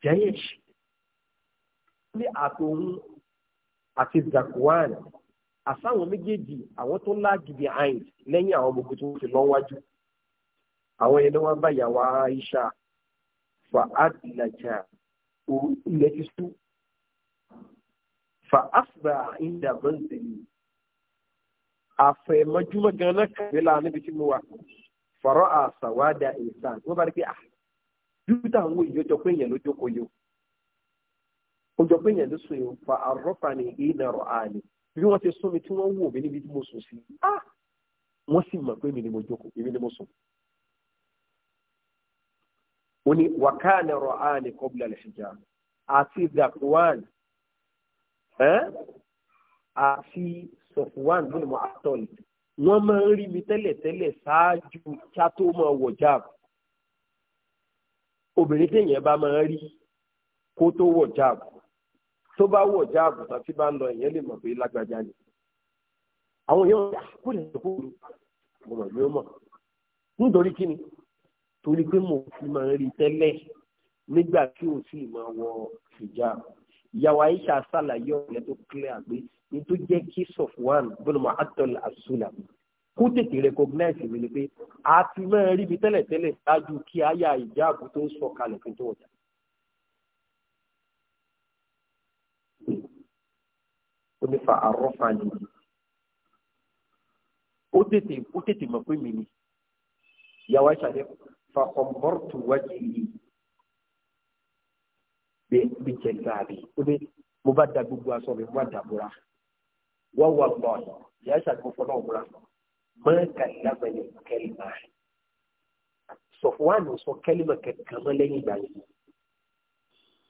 Speaker 1: jayish ní àtòhún àti Dakwan àsáwọn méjèèjì àwọn tó láàgì behind lẹ́yìn àwọn ọmọ ogun tó ń fi lọ́wájú àwọn yẹn ni wọ́n bá yàwá Aisha fa adìlàjà o ilẹ̀ ti sú fa asba inda manzili àfẹ̀mọ́júmọ́ gan-an kàwé la níbi tí mo wà fọ̀rọ̀ àṣàwádà ìsàn wọ́n bá rí pé ah, à dúdà àwọn èèyàn jọ pé èèyàn ló jókòó yìí ó jọ pé èèyàn ló sùn yìí fa àrọ́fà ní ìnàrọ̀ àlè bí wọ́n ti sún mi tí wọ́n wò mí níbi tí mo sùn sí ah! wọ́n sì mọ̀ pé èmi ni mo jókòó èmi ni mo sùn ó ní wakana ra'ani qabla al-hijab àti zakwan àti sọfwan bin mu'attal wọ́n máa ń rí mi tele ṣáájú kí a tó máa wọ̀ jáàbù obìnrin téèyàn bá máa rí kó tó wọ̀ jáàbù tó bá wọ̀ jáàbù tàbí bá ń lọ èèyàn lè mọ̀ pé lágbájá ni àwọn èèyàn ah, kò lè kó o mo mọ̀ ní o torí pé mo fi máa ń rí tẹ́lẹ̀ nígbà tí ò sì máa wọ hijab ìyàwó Aisha ṣàlàyé ọ̀rẹ́ tó clear àgbé ní tó jẹ́ kí Sofwan bọ́lá muhammad asulam kó tètè recognize mi ni pé a ti máa rí mi tẹ́lẹ̀tẹ́lẹ̀ ṣáájú kí aya hijab tó sọ kalẹ̀ pé tó wọ̀ta. ó ní fa àrọ́fà nìyí ó tètè mọ̀ pé mi ni ìyàwó Aisha dẹ́kun. فقبرت وجهي بجلبابي mo bá da gbogbo aṣọ mi mo bá da bora wọ́n wà gbọ́ ọ̀yọ́ ìyá ìṣàkóso náà múra máa ka ìlànà kẹlìmà sọfúnwánù sọ kẹlìmà kankan mọ́ lẹ́yìn ìgbà yìí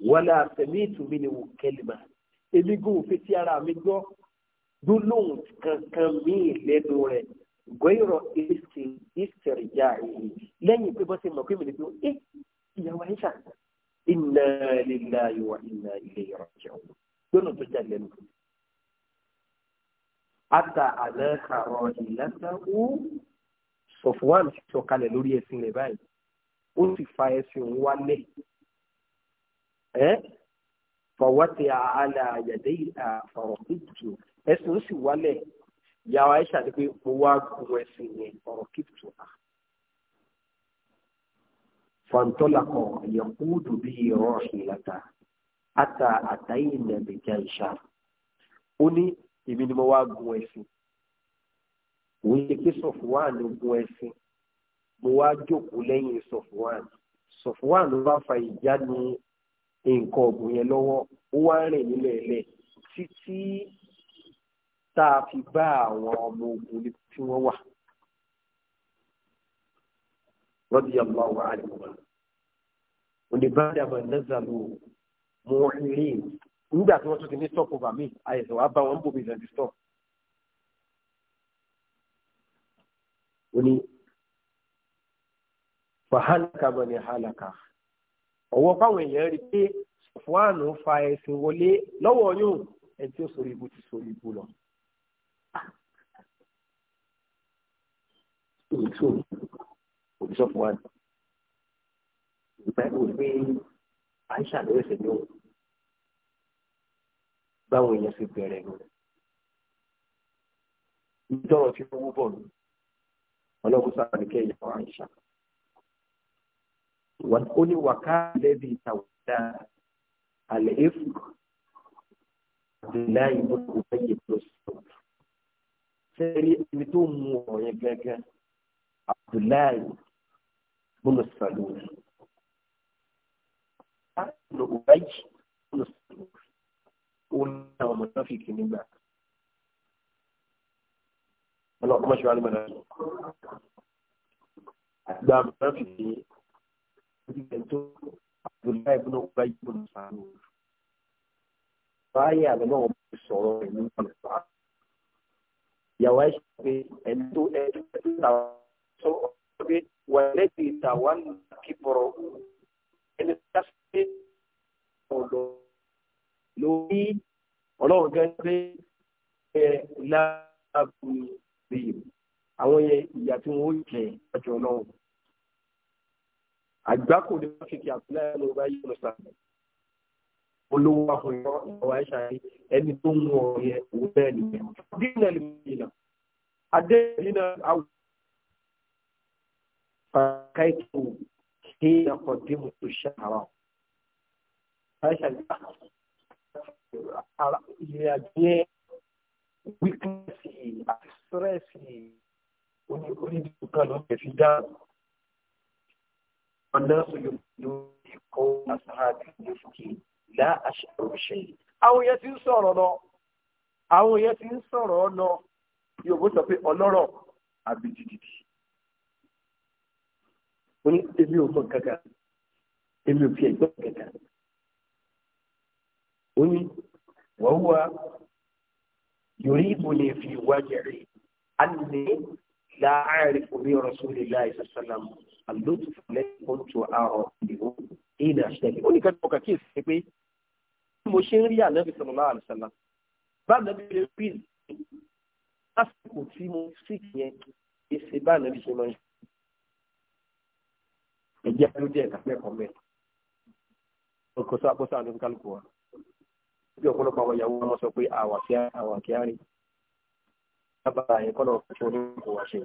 Speaker 1: wọ́n lé àfẹ̀mí ìtùmí ni wò kẹlìmà ebi gún òfin tí ara mi gbọ́ gbólóhùn kankan míì lẹ́nu rẹ̀ gbẹ́rọ èsì ìsẹ̀rìyà yìí lẹ́yìn pé bọ́sẹ̀ mọ̀ pé mi lè fi ẹ ìyàwó àyíṣà inna lillahi wa inna ilayhi raji'un gbọ́nà tó jà lẹ́nu. ata àlẹ́ àrọ̀ ìlànàwó sọ̀fúnwán sọ̀kalẹ̀ lórí ẹ̀sìn rẹ̀ báyìí ó sì fa ẹ̀sìn wálẹ̀ fọwọ́ ti àhálà àyàdé àfọ̀rọ̀ ẹ̀sìn ó sì wálẹ̀ ìyàwó Aisha ni pé mo wá gun ẹsìn yẹn ọ̀rọ̀ kìtù ha fọ̀ǹtọ́làkọ̀ yẹ̀kúùdù bí ìrọ̀ ìlàtà àtà àtàyè nàbẹ̀jà ìṣà ó ní èmi ni mo wá gun ẹsìn òun ṣe pé Sọ̀fùwàn ló gun ẹsìn mo wá jókòó lẹ́yìn Sọ̀fùwàn Sọ̀fùwàn ló fa ìjà ní nǹkan ọ̀gùn yẹn lọ́wọ́ ó wá rìn nílẹ̀ ẹ̀lẹ́ títí tá a fi bá àwọn ọmọ ogun ní tí wọ́n wà. Radiyallahu anhum. Oníbàdàmọ̀ lẹ́zàlú mọ́rin. Nígbà tí wọ́n tún ti ní stop over mi, àyẹ̀sọ̀ wá bá wọn bò mí lẹ́nu stop. Ó ní fàhálàkà mọ̀ ní hálàkà. Ọ̀wọ́ fáwọn èèyàn rí pé Fúánù fa ẹ̀sìn wọlé lọ́wọ́ yóò ẹni tí ó sọ ibu ti sọ ibu lọ. two two kò bishop one ìgbà ìwé pé Aisha ló ṣe ní òun báwo èèyàn ṣe bẹ̀rẹ̀ nù ìjọrọ̀ tí ó wú bọ̀ nù ọlọ́run sábà ní kẹ́yìn àwọn Aisha ó ní wàká lẹ́bi ìtàwọ̀dá alẹ́ èfù àdìláyìn mọ́tò bẹ́yẹ̀ lọ́sọ̀rọ̀ sẹ́ni ẹni tó mú ọ̀rọ̀ yẹn gẹ́gẹ́. Abdullahi bùnú Salul lọ ọ̀bájì bùnú Salul òun ní àwọn ọmọ tráfíkì nígbà ọlọ́kọ́mọṣẹ́ wa ní mọ̀nà àgbà ọmọ tráfíkì ìgbẹ̀ tó Abdullahi bùnú ọ̀bájì bùnú Salul báyà lọ́wọ́ wọn bá sọ̀rọ̀ rẹ̀ nípa ìyàwó ẹ̀ ṣe pé ẹni tó ẹ̀ tó ẹ̀ tó So be waleti tawan kiboro ẹni sase ọlọ lórí Ọlọ́run gẹ́gẹ́ ẹ láàbù rí àwọn yẹn ìyá tí wọn ó jẹ ọjọ́ Ọlọ́run àgbákò ní wọn kìkì àbúlá ẹni ọba yìí lọ sàmì olówó àfọyọ ìyàwó àìsàn yìí ẹni tó ń wọ ọyẹ òun bẹ́ẹ̀ nìyẹn dín náà lè mú ìlànà adé náà àwọn. فكيف حين قدمت الشهر فشل ìrìnàjò wíkẹ́sì àti sírẹ́sì onídìbò kan ló fi dá ọ̀nà òyìnbó ìkọ́ àsáàdì lókè lá àṣàròṣe. àwọn yẹn ti ń sọ̀rọ̀ lọ àwọn yẹn ti ń sọ̀rọ̀ lọ yóò bó sọ pé ọlọ́rọ̀ àbí dídìdì mo ní èmi ò mọ kankan èmi ò fi ẹ̀gbọ́n kankan ó ní wọ́n wá yorí mo lè fi wájà rè á ní láàárín orí ọ̀rọ̀ sórí láì sàṣàlám àlótùfù lẹ́kọ̀ọ́ tó àrọ̀ ìlú ìlà ṣẹlẹ̀ ó ní kan tó kàkí ìsìn pé bí mo ṣe ń rí ànábì sọ̀rọ̀ láàrín sàlám bá ànábì ṣe rí lásìkò tí mo sì yẹn èsì bá ànábì ṣe máa ń ṣe ẹjẹ́ ló díẹ̀ kàpẹ́kọ̀ọ́ mẹ́ oko sọ àkóso àdúgbò kálukú wa bí ọ̀pọ̀lọpọ̀ àwọn ìyàwó wọn sọ pé àwà kí àwà kí á rí lábàá yẹn kọ́nà ọ̀pọ̀ oníkó wa ṣe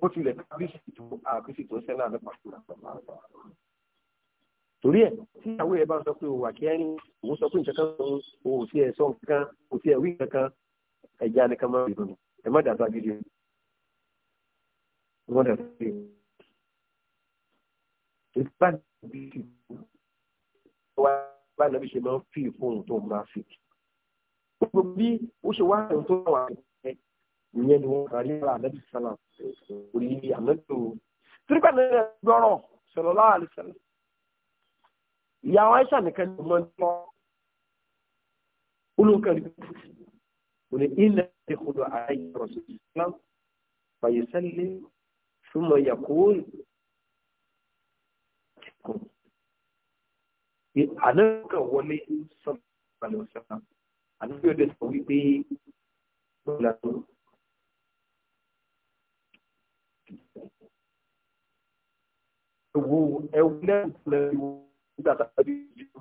Speaker 1: bó tilẹ̀ bísí tó àbísí tó sẹ́lá lọ́pàá torí ẹ tí àwọn ẹ bá sọ pé òwà kẹrin òun sọ pé nǹkan kan òun òun ò sí ẹ sọ nǹkan kan kò ìfipá bí wá bá nàbí ṣe máa ń fi fóònù tó máa fi gbogbo bí ó ṣe wá àwọn tó wà ẹ ìyẹn ni wọn kárí ara ànábì sálà orí ànábì o tìrìpà náà gbọ́rọ̀ sọ̀rọ̀ láàrin sẹ́lẹ̀ ìyá àwọn aṣáà nìkan ni mo ń tọ́ olùkọ́ni kò ní ilẹ̀ ìkọlù ààyè rọ̀ sí islam fàyè sẹ́lẹ̀ fún mọ̀ yàkó ànábìkà wọlé sọ̀rọ̀ ọ̀sán ànábìkà ọdẹ sọ wípé lọ́la tó. Ewu ewu lẹ́yìn tó lẹ́yìn nígbà tá a bí ìlú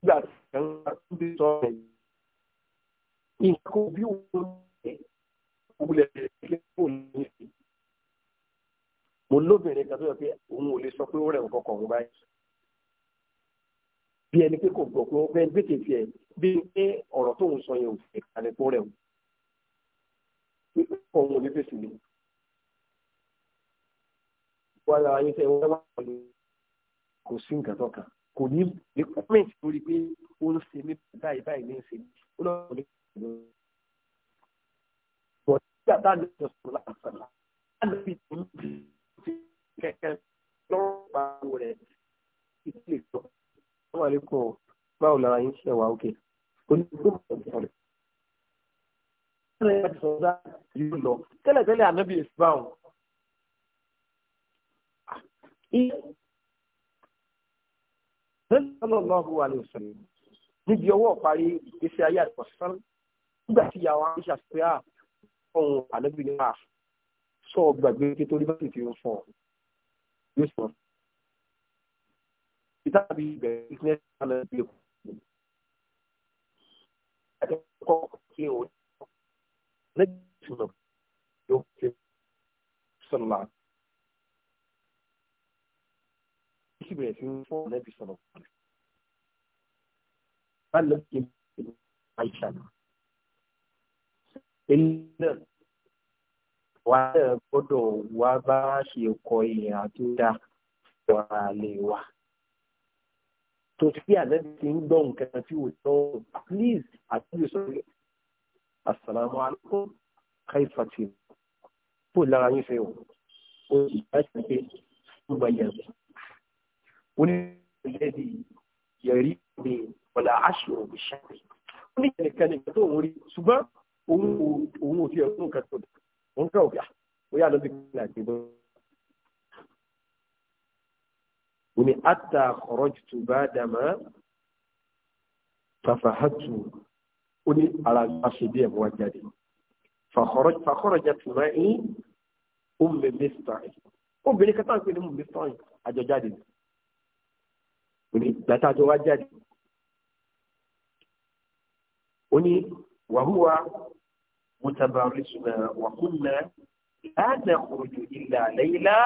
Speaker 1: nígbà tí a ń bá tó bí sọ rẹ̀. Nǹkan òbí wo ni wulẹ̀ kílẹ̀ kó ní ìlú. Mo lóbìnrin kan tó yẹ pé òun ò lè sọ pé ó rẹ̀ ń kọkàn òun báyìí bí ẹni pé kò gbọ́ pé wọ́n fẹ́ gbé kejì ẹ̀ bí ní pé ọ̀rọ̀ tó ń sọ yẹn ò fi ìkàlẹ̀ fún rẹ̀ o ọ̀hún ò ní fèsì ni. wọ́n ara yín sẹ́yìn wọ́n wá pẹ̀lú kò sí nǹkan tó kàn kò ní ní kọ́mẹ̀ntì lórí pé ó ń ṣe mí báyìí báyìí ní ṣe ó lọ́wọ́ kò ní kọ́mẹ̀ntì lórí. bọ̀ nígbà tá a lè sọ sọ̀rọ̀ láàbàlá a lè fi tòun bí kẹ̀kẹ́ lọ́rùn pa owó rẹ̀ ìdílé ìjọba wà lẹ́kọ̀ báwo lára yín ṣe wà òkè onígbòmọ̀ ìfọ̀rẹ̀. tẹ́lẹ̀tẹ́lẹ̀ ànábì èsì báwọn. Sallallahu alaihi wasallam níbi ọwọ́ parí ìgbésí ayé àtọ̀sán nígbà tí ìyàwó àìsà pé à ọ̀hún ànábì náà sọ gbàgbé kí torí bá tètè ń fọ̀ yóò sọ kitabi bẹ̀rẹ̀ ìpínlẹ̀ ìpínlẹ̀ ìpínlẹ̀ ìpínlẹ̀ ẹ̀kọ́ kí o lẹ́yìn ìṣúná yóò fi sọ̀nà kí bẹ̀rẹ̀ fi ń fọ́ lẹ́bi sọ̀nà bá lẹ́bi ìpínlẹ̀ àìsà náà wàá gbọ́dọ̀ wá bá ṣe kọ ìrìn àjò dáa wà lè wà torí ànábi ti ń gbọ́ nǹkan tí ò tọ́ please àtúnṣe sọ̀rọ̀ asalaamu alaykum kaifati kó lára yín fẹ́ o ó sì bá ṣe pé ó gba yẹ̀rù ó ní ìlẹ́bi yẹ̀rí mi ọ̀là aṣọ ìṣẹ́ ó ní ìkànnì nìkan tó òun rí ṣùgbọ́n òun ò fi ẹ̀kún nǹkan tó dà òun kà ó yà ó yà lọ́dún kí n àgbébọ́n. ó ní ata kọ̀rọ̀jùtù bá dàmà tafahatu ó ní ara gba ṣe bí ẹ̀mú wa jáde fàkọ̀rọ̀jà tù máa ń ó mẹ́mẹ́ sítáì obìnrin kan táwọn pè ní mọ̀mí sítáì àjọjáde ni ó ní gbàtà tó wá jáde ó ní wàhúwa mutabarisuna wàhúnna láàdà kòròjò ìlà lẹ́yìnlá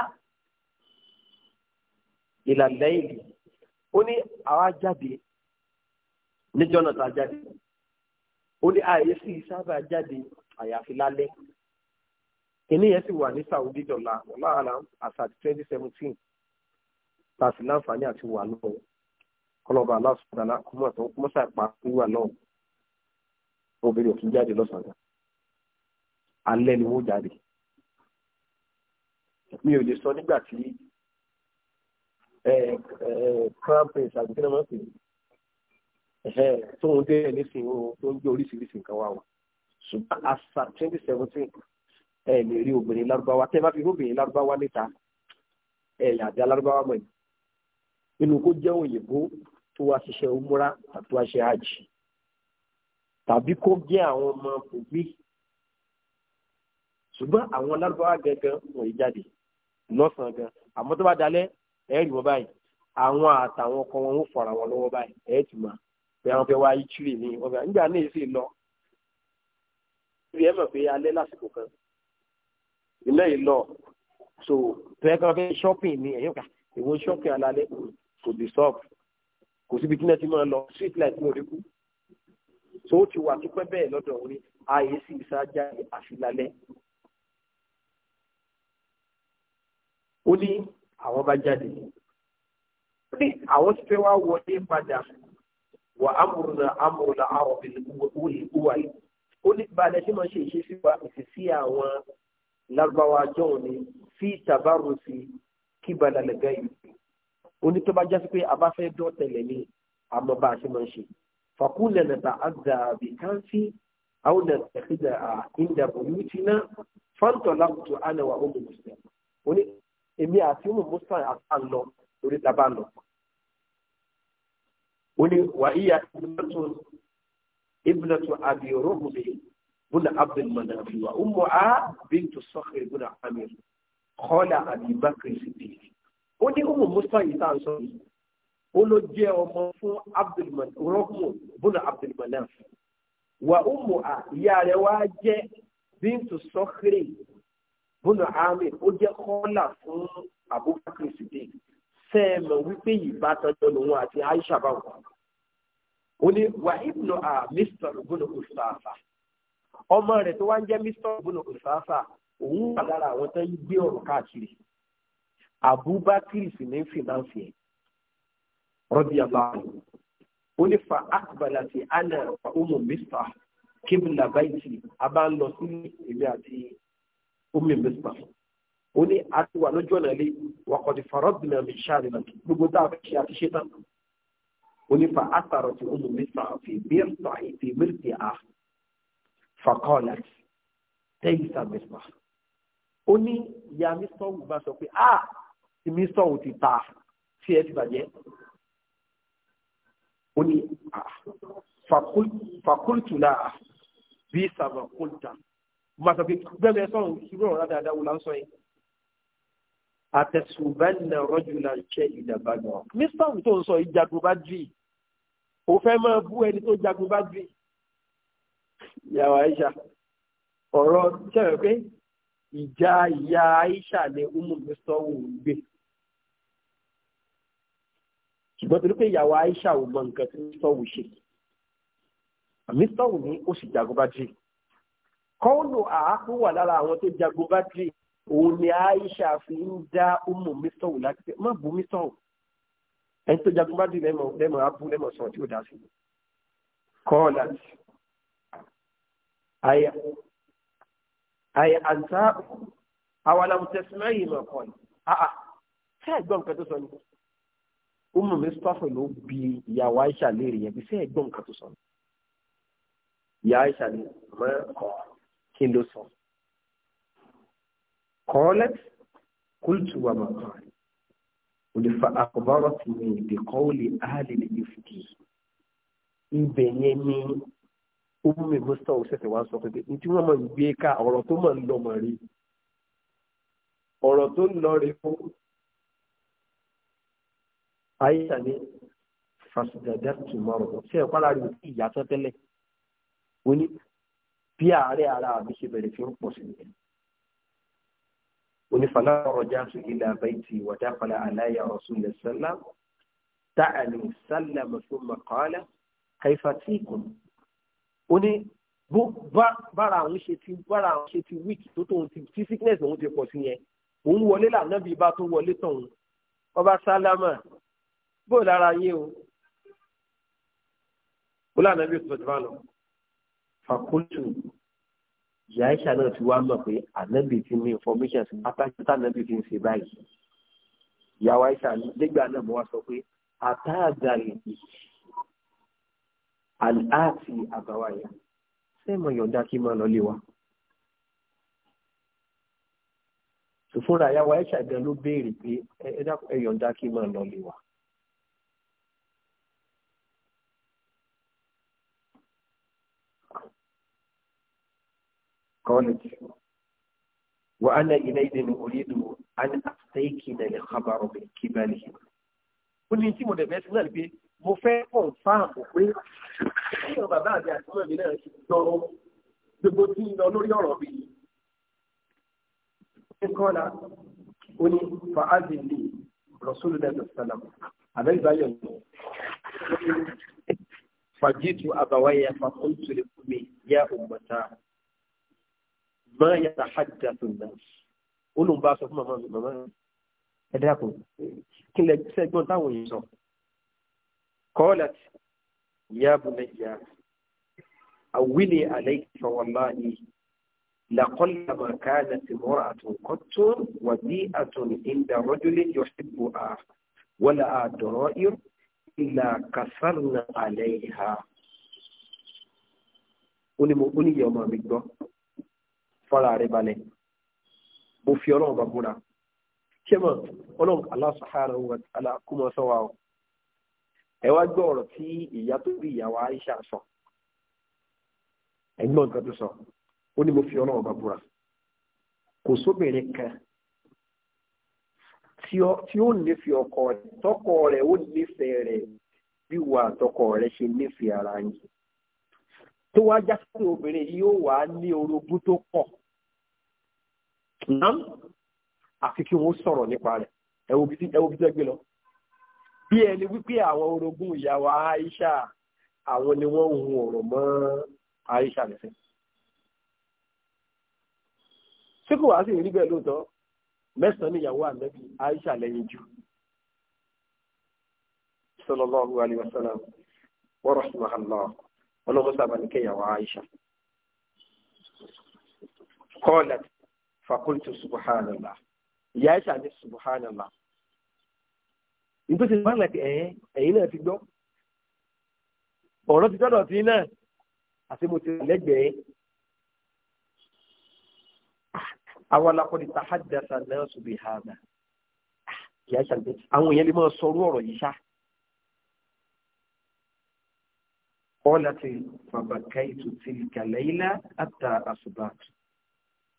Speaker 1: ìlànà ìlú ó ní àwa jáde níjọ́ náà tá a jáde ó ní ààyè sì sábà jáde àyàfi lálẹ́ kìnìún yẹn sì wà ní Saudi dọ̀là ọ̀làhàlà àṣà twenty seventeen tá a sì láǹfààní àti wà lọ́wọ́ kọlọ́ba aláṣọ̀dàlà kọ́mọ̀ tó mọ́sà pa wíwà náà obìnrin ò jáde lọ́sàn-án alẹ́ ni wọ́n jáde mi ò lè sọ nígbà tí Eh, eh, crown prince àbí kí ni wọ́n pè é tóun dé nísìnyí o tó ń gbé oríṣiríṣi nǹkan wá o ṣùgbọ́n àṣà twenty seventeen ẹ lè rí obìnrin lárúbáwá tẹ́ ẹ bá fi obìnrin lárúbáwá níta ẹ lè àdá lárúbáwá mọ̀ yìí nínú kó jẹ́ òyìnbó tó wá ṣiṣẹ́ umura àti wá ṣe hajj tàbí kó jẹ́ àwọn ọmọ òbí ṣùgbọ́n àwọn lárúbáwá gangan wọ̀nyí jáde lọ́sàn-án gan àmọ́ tó bá dalẹ́ ẹ̀ẹ́dì wọ́n báyìí àwọn àtàwọn ọkọ wọn ń fọ̀rọ̀ wọn lọ́wọ́ báyìí àwọn fẹ́ wá ní lọ Ibi ẹ mọ̀ pé alẹ́ lásìkò kan ilé so tẹ́lẹ̀ kan fẹ́ shopping ní shopping kò kò síbi tí náà so ó ti wà tó pẹ́ bẹ́ẹ̀ lọ́dọ̀ orí ààyè sì àwọn bá jáde ní àwọn ti fẹ́ wá wọlé padà wà ámúrúnà ámúrúnà àwọn ìwà yìí ó ní balẹ̀ tí wọ́n ṣe ìṣesí wa ìṣesí àwọn lágbáwá jọ̀hún ni fi tàbárò sí kí balẹ̀ lẹ́gàn yìí ó ní tó bá jásí pé a bá fẹ́ dán tẹ̀lẹ̀ ní àmọ́ bá a ṣe máa ń ṣe fàkúlẹ̀ nàta àgbà káńtì àwọn nàta ìdá àìndàbòyútì náà fáńtọ̀ láwùjọ àná wà ó mú mùsùlùmí èmi àti ọmọ musa àlọ lórí tábà lọ. ó ní wàhíyà ibùdó ibùdó àbí rọ́ọ̀mù بن عبد المناف وأمها بنت صخر بن عامر قال أبي بكر الصديق ó ní ọmọ musa yìí tá à ń sọ yìí ó ló jẹ́ ọmọ fún rọ́kùn bùnà abdulmanaf wà ọmọ à ìyá rẹ̀ wá jẹ́ bíntu sọ́kìrì bùnà ahmed ó jẹ́ kọ́là fún abubakar sidik sẹ́ẹ̀mọ̀ wípé ìbátanjọ́ lòun àti aisha bá wà ó ní wahib nù a mr bùnà ustafa ọmọ rẹ̀ tó wá ń jẹ́ mr bùnà ustafa òun wà lára àwọn tó ń gbé ọ̀rọ̀ káàkiri abubakar sì ní fìdánsì ẹ̀ rọ́bì abáyé ó ní fa akbala ti ana fa mr kibla baiti a bá ń lọ sí èmi àti omi mẹ́sìmá ó ní àtiwà lójú ọ̀nà ilé wàkọ̀dì farọ́bìnà mi ṣáàrin náà gbogbo tá a fẹ́ ṣe àti ṣe tán ó ní fa àtàrọ̀ tí omi mẹ́sìmá fi mẹ́rìndà ìfì mẹ́rìndì à fàkọ́ọ̀lá tẹ́yì sá mẹ́sìmá ó ní ìyá mísọ̀wù bá sọ pé a ah, ti mísọ̀wù ti ta tí ẹ ti bàjẹ́ ó ní ah, fakultula bí sàmà kulta mo máa sọ pé gbẹ́mi ẹ dada irú ọ̀rọ̀ dáadáa wo la ń sọ yìí. àtẹ̀sùbánà rọ́jùlá ṣe ìdàbàdàn. mr tó ń sọ ìjagun bá dì ó fẹ́ máa bú ẹni tó jagun bá dì. ìyàwó Aisha ọ̀rọ̀ sẹ́wọ̀n pé ìjà ìyá Aisha ni umu mr wò ń gbé. ṣùgbọ́n torí pé ìyàwó Aisha ò mọ nǹkan tí mr wò ṣe. mr wò ní ó sì jagun bá dì kọ́ọ̀lù àákú wà lára àwọn tó jagun bátìrì òun ni Aisha fi ń dá umu mistọ̀wù láti pé má bu mistọ̀wù ẹni tó jagun bátìrì lẹ́mọ̀ lẹ́mọ̀ abú lẹ́mọ̀ sọ̀rọ̀ tí ó dá sí kọ́ọ̀lù àti àyà àyà àǹtá àwọn àlàmùtẹ̀símáyì mọ̀ kọ́ọ̀lù àà ṣé ẹ̀gbọ́n nǹkan tó sọ ni umu mistọ̀wù ló bi ìyàwó Aisha léèrè yẹn bí ṣé ẹ̀gbọ́n nǹkan tó sọ ni ìyá Aisha ni mọ́ kọ́ọ̀lù kí ló sọ qalat qultu wa ma qala olùfà akhbaratni bi qawli ahli al-ifki ibẹ̀ yẹn ni ummi mustaw ṣẹ̀ṣẹ̀ wá sọ pé ní tí wọ́n máa ń gbé ká ọ̀rọ̀ tó máa ń lọ mọ̀ rí ọ̀rọ̀ tó ń lọ rí fún àyíṣà ní fasidadatu mọ̀rọ̀ tí ẹ̀ pàlà rí ìyàtọ̀ tẹ́lẹ̀ oní bí àárẹ̀ ara mi ṣe bẹ̀rẹ̀ fi ń pọ̀ sí mi. onífàlà ọ̀rọ̀ jáàsù ilẹ̀ àbẹ́tì wàdàkọ̀lá aláya ọ̀sùn lè sẹ́lá dáàlì sálà mọ̀fún mọ̀kànlá kàìfà tí kùn. ó ní bára àwọn ṣe ti bára àwọn ṣe ti wíìkì tó tóun ti tí sickness òun ti pọ̀ sí yẹn òun wọlé lànà bíi bá tó wọlé tán ọba sálámà bó lára yé o. ó lànà bí o tó fakultu ìyá ìṣà náà fi wá mọ̀ pé ànábì ti ní information sí pátákítà ànábì fi ń ṣe báyìí ìyá wa ìṣà nígbà náà mo wá sọ pé àtàgàrì àti àbáwáyà sẹ́mọ̀ yọ̀ǹda kí máa lọ wa. tòfúnra ìyá wa gan ló béèrè pé ẹ kí máa lọ wa. قالت وأنا إليه أريد أن أستيقن الخبر من قبلهم ó ní tí mo dẹ̀ mẹ́sìn náà pé mo fẹ́ kọ̀ǹfàmù pé ṣíyàn bàbá àti àtúmọ̀ mi náà ṣe dọ́rọ́ gbogbo tí ń lọ lórí ọ̀rọ̀ mi. Nkọ́la ó ní fàájì ní Rasúlù Nàìjíríà Sálàm Àbẹ́gbà yọ̀ ní fàjìtù àbàwáyà fàkóńtù lè fún mi yá òmùmọ̀tà máa yàtà hajjá tó ń dáhùn ó lóun bá sọ fún màmá mi màmá ẹ dákun kí n lè sẹ́gbọ́n táwọn yìí sọ kọ́ọ̀lá ya bunayya awili alayka wallahi لقلما كانت امرأة قط وديئة عند رجل يحبها ولا درائر إلا كثرنا عليها ó ní mo ó ní ìyá ọmọ mi gbọ́ fara rẹ̀ balẹ̀ mo fi ọlọ́run bá búra ṣé mọ̀ Allah wa o ẹ wá tí ìyá tó bí ìyàwó Aisha sọ ẹ̀gbọ́n nǹkan tó sọ ó ní mo fi ọlọ́run bá búra kò sóbìnrin kan tí ó nífẹ̀ẹ́ ọkọ tọkọ rẹ̀ ó nífẹ̀ẹ́ náà àfi kí wọ́n sọ̀rọ̀ nípa rẹ̀ ẹ̀wò bí tẹ́ gbé lọ. bí ẹni wípé àwọn orogún ìyàwó Aisha àwọn ni wọ́n hun Aisha lẹ́sẹ̀. ṣé kò wá sí ìrí bẹ́ẹ̀ lóòótọ́ ni ìyàwó Aisha fakultu subhanallah ìyá ẹ̀ṣà ní subhanallah nítorí wọn lẹ́kẹ̀ ẹ̀yìn ẹ̀yìn náà ti gbọ́ ọ̀rọ̀ ti tọ́dọ̀ sí náà àti mo ti lẹ́gbẹ̀ẹ́ àwọn alákọ̀ọ́dì tahadasa náà sùn bí hàdà ìyá àwọn èèyàn lè máa sọrú ọ̀rọ̀ yìí ṣá. قالت فبكيت تلك الليلة حتى أصبحت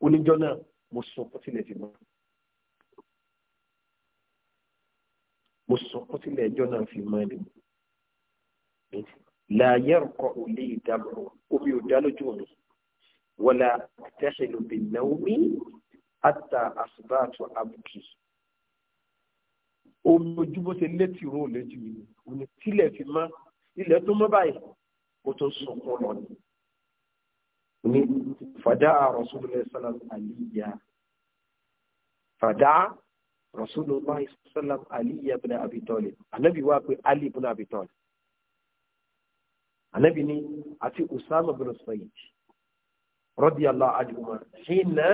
Speaker 1: ونجنا mo sunkún tilẹ̀ ti mọ́ mo sunkún tilẹ̀ ẹjọ́ náà fi mọ́ ẹni láàyè ọkọ̀ ò lè dàbọ̀ omi ò dá lójú mi wọlá tẹ́sílù bí náwómi àtà àsùbáàtù àbùkì omi ojú bó ṣe létí òun ò ní tilẹ̀ fi mọ́ ilẹ̀ tó mọ́ báyìí ó tó sunkún lọ ní fàdá rasulullah sallam aliya fàdá rasulullah sallam aliya bin abi talib anabi wa pe ali bin abi talib anabi ni àti usama bin sayyid radiyallahu anhuma hina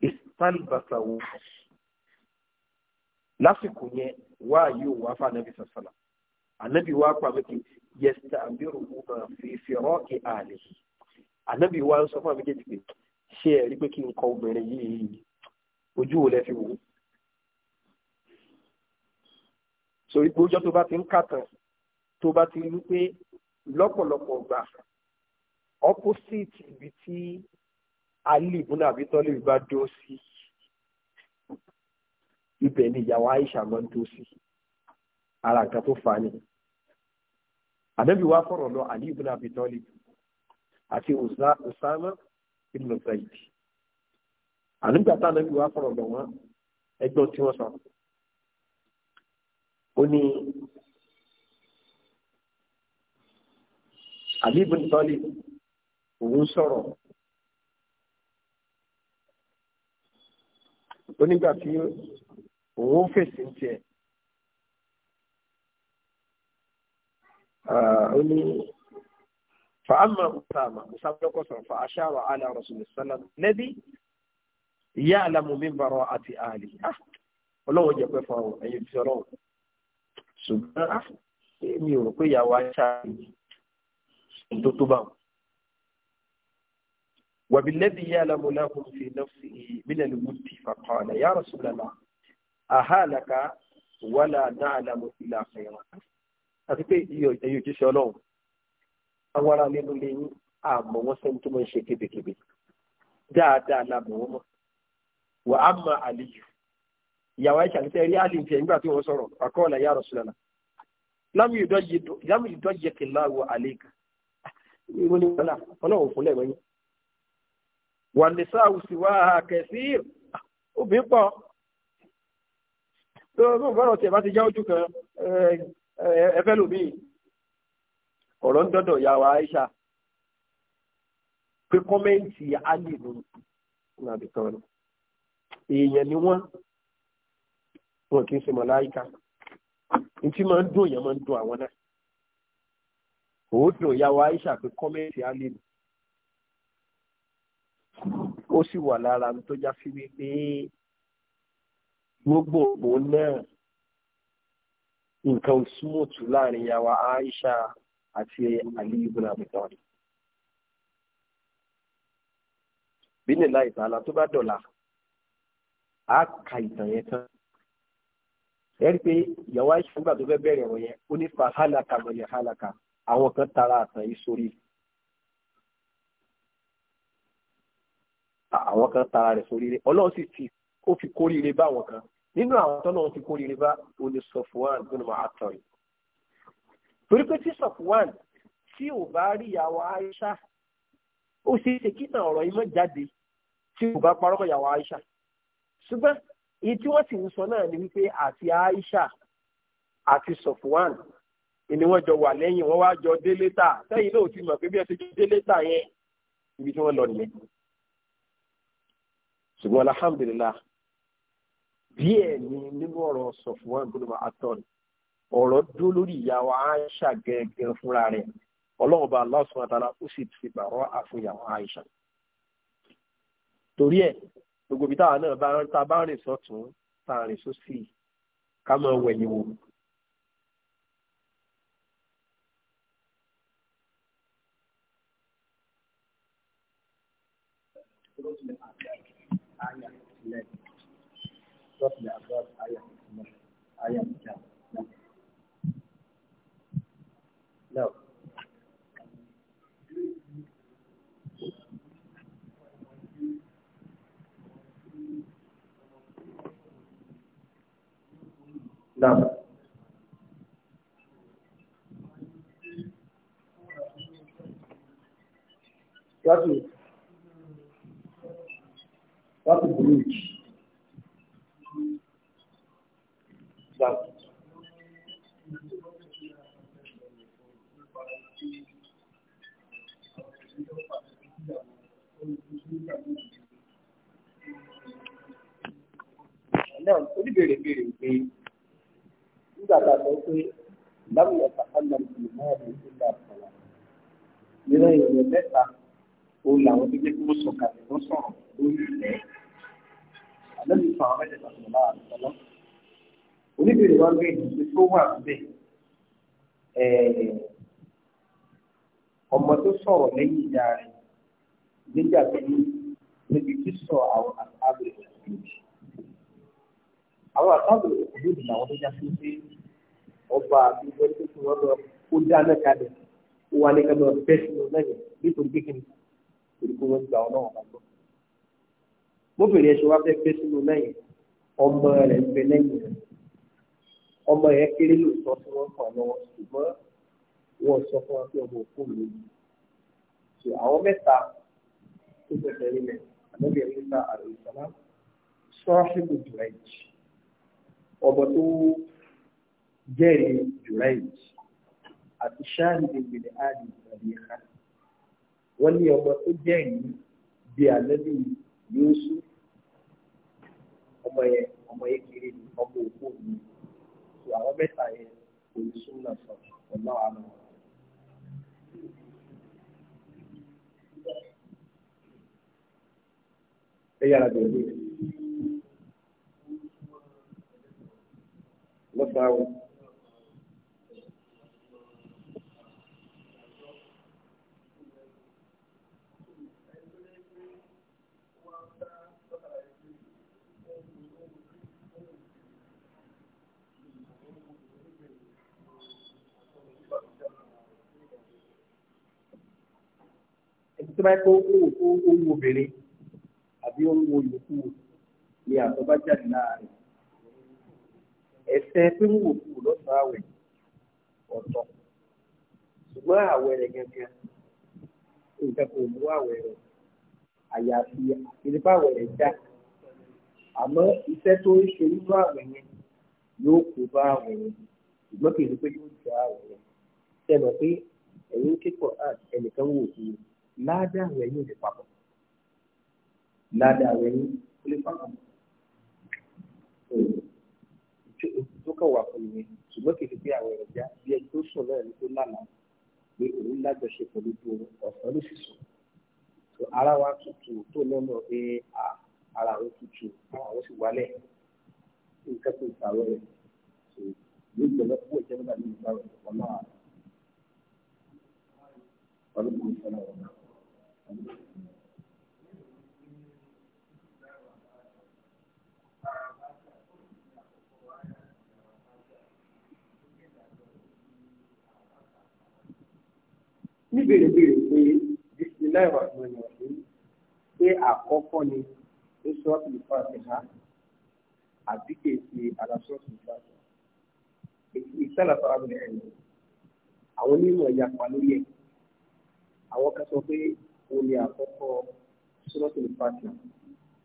Speaker 1: istalbasa wahsh lásìkò yẹn wá yóò wá fún anabi sallam anabi wa pa mi kì yẹsta abiru ma fi fìrọ ìhàlẹ ànábì wa sọ fún àmì kejì pé ṣé ẹ rí pé kí n kọ obìnrin yìí ojú wo lẹ fi wò ó sórí tó bá ti ń kàtàn tó bá ti rí pé lọ́pọ̀lọpọ̀ gbà opposite ibi tí Ali ibùnà àbí tọ́lé bá dó sí ibẹ̀ ni ìyàwó Aisha máa ń dó sí ara nǹkan tó fà á ni ànábì wa fọ̀rọ̀ lọ Ali ibùnà àbí tọ́lé àti Usama ibn Zaid ànígbà tá ànábì wá fọ̀rọ̀ lọ̀ wọ́n ẹgbọ́n tí wọ́n sọ ó ní Ali ibn Talib òun sọ̀rọ̀ onígbà tí òun fèsì ń tiẹ̀ ó ní. فأما أسامة أسامة قصر فأشار على رسول الله صلى الله عليه وسلم الذي يعلم من براءة آله ọlọ́wọ́ jẹ́ pẹ́ fún ẹ̀yin fi ọlọ́wọ́ ṣùgbọ́n mi ò rò pé ìyàwó aṣá tó tó bá wọn. wàbí lẹ́bi yá alámúlá kò fi nọ́ọ̀sì ìbílẹ̀ lùmú ti fàkọ́ ọ̀nà yá rọ̀ṣùlọ́lá àhálàkà wàlà náà alámú ilà àti pé ẹ̀yin òjíṣẹ́ ọlọ́wọ́ awara ará ilé àmọ́ wọ́n sẹ́ni na máa ṣe kébékébé dáadáa lábọ̀ wọ́n mọ̀ wà á mọ àlejò ìyàwó àìsàn àti ẹ̀rí àlè ìfẹ́ nígbà tí wọ́n sọ̀rọ̀ yà ìdọ́jẹ kìlá wọ ìwọ ni wọ́n là fún wà lè wá kẹsí pọ̀ tó ọ̀rọ̀ ń dọ́dọ̀ ìyá wa Aisha pé kọ́mẹ́ǹtì Ali ló ń nàbì kan ni èèyàn ni wọ́n wọn kì í ṣe màláíkà ntí máa ń dùn èèyàn máa ń dùn àwọn náà òótọ́ ìyá wa Aisha pé kọ́mẹ́ǹtì Ali ló ó sì wà lára mi tó já sí wípé gbogbo òpó náà nǹkan smooth láàrin ìyá Aisha àti Aliyu ibn Abi Talib. bínú ìlà ìtàlá tó bá dọ̀là á ka ìtàn yẹn tán. ẹ rí i pé ìyàwó àìsàn nígbà tó fẹ́ bẹ̀rẹ̀ ọ̀rọ̀ yẹn ó ní fa hálàkà mọ̀lẹ̀ hálàkà àwọn kan tara àtàn yìí sórí. àwọn kan tara rẹ̀ sórí rẹ̀ ọlọ́run sì ti ó fi kóríire bá àwọn kan nínú àwọn tọ́lọ́run fi kóríire bá oní Safwan gbọ́dọ̀ máa tọ̀ yìí torí pé tí Safwan tí ò bá rí ìyàwó Aisha ó ṣe é ṣe kí náà ọ̀rọ̀ yìí mọ́ jáde tí ò bá parọ́ ìyàwó Aisha ṣùgbọ́n èyí tí wọ́n sì ń sọ náà ni wípé àti Aisha àti Safwan ni wọ́n jọ wà lẹ́yìn wọ́n wá jọ dé létà sẹ́yìn náà ò ti mọ̀ pé bí ẹ ti jọ dé létà yẹn ibi tí wọ́n lọ nìyẹn ṣùgbọ́n alhamdulillah díẹ̀ ni nínú ọ̀rọ̀ Safwan gbọ́dọ̀ àtọ́ni ọ̀rọ̀ dúró lórí ìyá wa Aisha gẹ́gẹ́ fúnra rẹ̀ ọlọ́run bá Allah subhanahu wa ta'ala ó sì ti bàrọ́ àfihàn Aisha. torí ẹ̀ gbogbo ibi táwa náà bá ń ta bá rìn sọ́tún tá a rìn sósì ká máa wẹ̀yìn wò. Ayat 11. Ayat 11. Ayat 11. não tá. Quatro. Quatro bonitos. làwọn tó yá sí pé ọba àbíwọ́ tó fi wọ́n lọ kó dáná kalẹ̀ ó wà ní kẹ́lọ́ bẹ́ẹ̀ sí wọn lẹ́yìn nítorí kékeré torí pé wọ́n gba ọlọ́run bá gbọ́. mọ́bìnrin ẹ̀ṣọ́ wa fẹ́ bẹ́ẹ̀ sí wọn lẹ́yìn ọmọ rẹ̀ ń bẹ lẹ́yìn rẹ̀ ọmọ yẹn kéré lóòótọ́ tí wọ́n fà lọ́wọ́ ṣùgbọ́n wọ́n sọ fún wa pé ọmọ òkú mi ni. ṣe àwọn mẹ́ta tó fẹsẹ̀ rí mẹ́ àmọ́bìnrin nípa àrùn ìsọ̀lá sọ́ọ́ ọbọ tó jẹ́rìí jùláìj àti ṣáàlì ìgbèlè àdì ìgbàlẹ́ka wọ́n ní ọbọ tó jẹ́rìí bí àlẹ́bí yóòsù ọmọ yẹn ọmọ yẹn kiri ní ọmọ òkú mi tó àwọn mẹ́ta yẹn kò ní súnmọ́ sọ ọ̀nà àná. Ẹ yára bẹ̀rẹ̀ lórí. lọ́sàáwọ̀. tó bá kó owó obìnrin àbí owó yòókù ni àtọ́ bá jáde láàárín ẹsẹ̀ pé ń wò kú lọ́sàn-án àwẹ̀ ọ̀tọ̀ ṣùgbọ́n àwẹ̀ rẹ̀ gangan nǹkan kò mú àwẹ̀ rẹ̀ àyàfi ìdíbà àwẹ̀ rẹ̀ já àmọ́ iṣẹ́ tó ń ṣe nínú àwẹ̀ yẹn yóò kó bá àwẹ̀ yẹn ṣùgbọ́n kì í ṣe pé yóò já àwẹ̀ yẹn ṣe mọ̀ pé ẹ̀yin kíkọ̀ ẹnìkan wò kú ládàá àwẹ̀ yóò lè papọ̀ ládàá àwẹ̀ yóò lè papọ̀ tó kàn wà fún mi ṣùgbọ́n kìí pé àwọn èròjà bí ẹni tó sùn náà ni tó lánàá pé òun lájọṣepọ̀ lójú ọ̀sán ló sì sùn ara wa tutù tó lọ́nà pé ara àwọn tutù àwọn sì wálẹ̀ nǹkan tó ìsàrọ̀ rẹ̀ yóò gbẹ̀lẹ́ fún ẹ̀jẹ̀ nígbà tí ìgbà rẹ̀ wọ́n náà ọlọ́pàá ìṣẹ̀lẹ̀ wọn náà. níbèrè bèrè pé bisimilayi rahman rahim pé àkọ́kọ́ ni ó sọ ọ́pì fàtìhá àbí kèsì alasọ́ọ̀sì fàtìhá èsì ìsàlàfà àbúrò ẹ̀yìn àwọn onímọ̀ ìyapa lórí ẹ̀ àwọn kan sọ pé òun ni àkọ́kọ́ sọ́ọ̀sì fàtìhá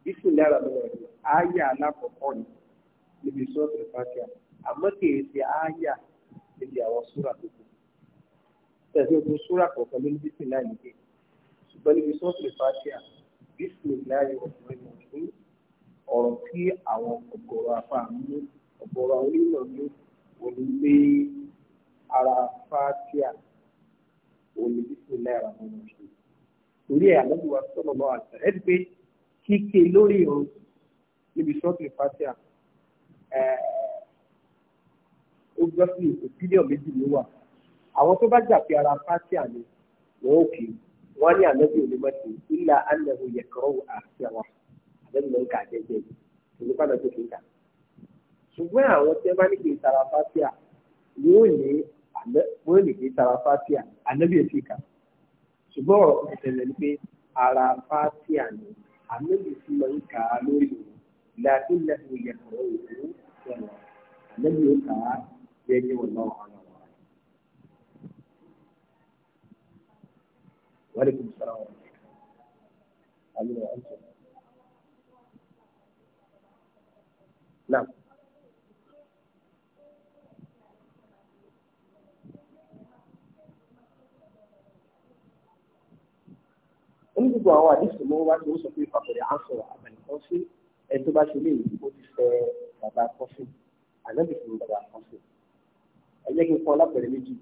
Speaker 1: bisimilayi rahman rahim ayé alákọ̀ọ́kọ́ ni níbi sọ́ọ̀sì fàtìhá àmọ́ kèsì ayé níbi àwọn súrà tó kù tẹ̀sí ogun súrà kọ̀ọ̀kan ló ní bísí náà nìké ṣùgbọ́n níbi sọ́ọ̀tì fàtíà bísí náà yọ ọ̀rọ̀ tí àwọn ọ̀gọ̀rọ̀ afá mú ọ̀gọ̀rọ̀ onímọ̀ mú òní gbé ara fàtíà òní bísí náà rà wọn ṣe
Speaker 2: torí ẹ̀ àlọ́bù
Speaker 1: wa sọ̀rọ̀ lọ́wọ́ àṣà ẹ̀ ti pé kíké lórí ìrun níbi sọ́ọ̀tì fàtíà ó gbọ́ sí ìpínlẹ̀ méjì ló wà àwọn tó bá gbà pé ara fásíà ni wọn ò kì í wọn ní ànábì onímọ̀tì ilà anahu yẹkọrọ àti àwọn àbẹ́ni ló ń kà jẹjẹ olùkọ́ àná tó fi ń kà. ṣùgbọ́n àwọn tí wọ́n bá ní kì í tara fásíà yóò ní wọ́n lè kì í tara fásíà ànábì èsì kà. ṣùgbọ́n ọ̀rọ̀ ni pé ara fásíà ni ànábì sì máa ń kà á lórí òun ilà anahu yẹkọrọ òun ànábì ó kà á jẹjẹ wọn náà وعليكم السلام ورحمة الله نعم ní gbogbo àwọn àdéhùn mọ́ wá tí ó sọ pé ìfàkùrẹ̀ á sọ àbẹ̀lẹ̀ kan sí ẹni tó bá ṣe lè ó ti fẹ́ bàbá kan sí ànábì fún bàbá kan ẹ jẹ́ kí n fọ́ lápẹ̀rẹ̀ méjì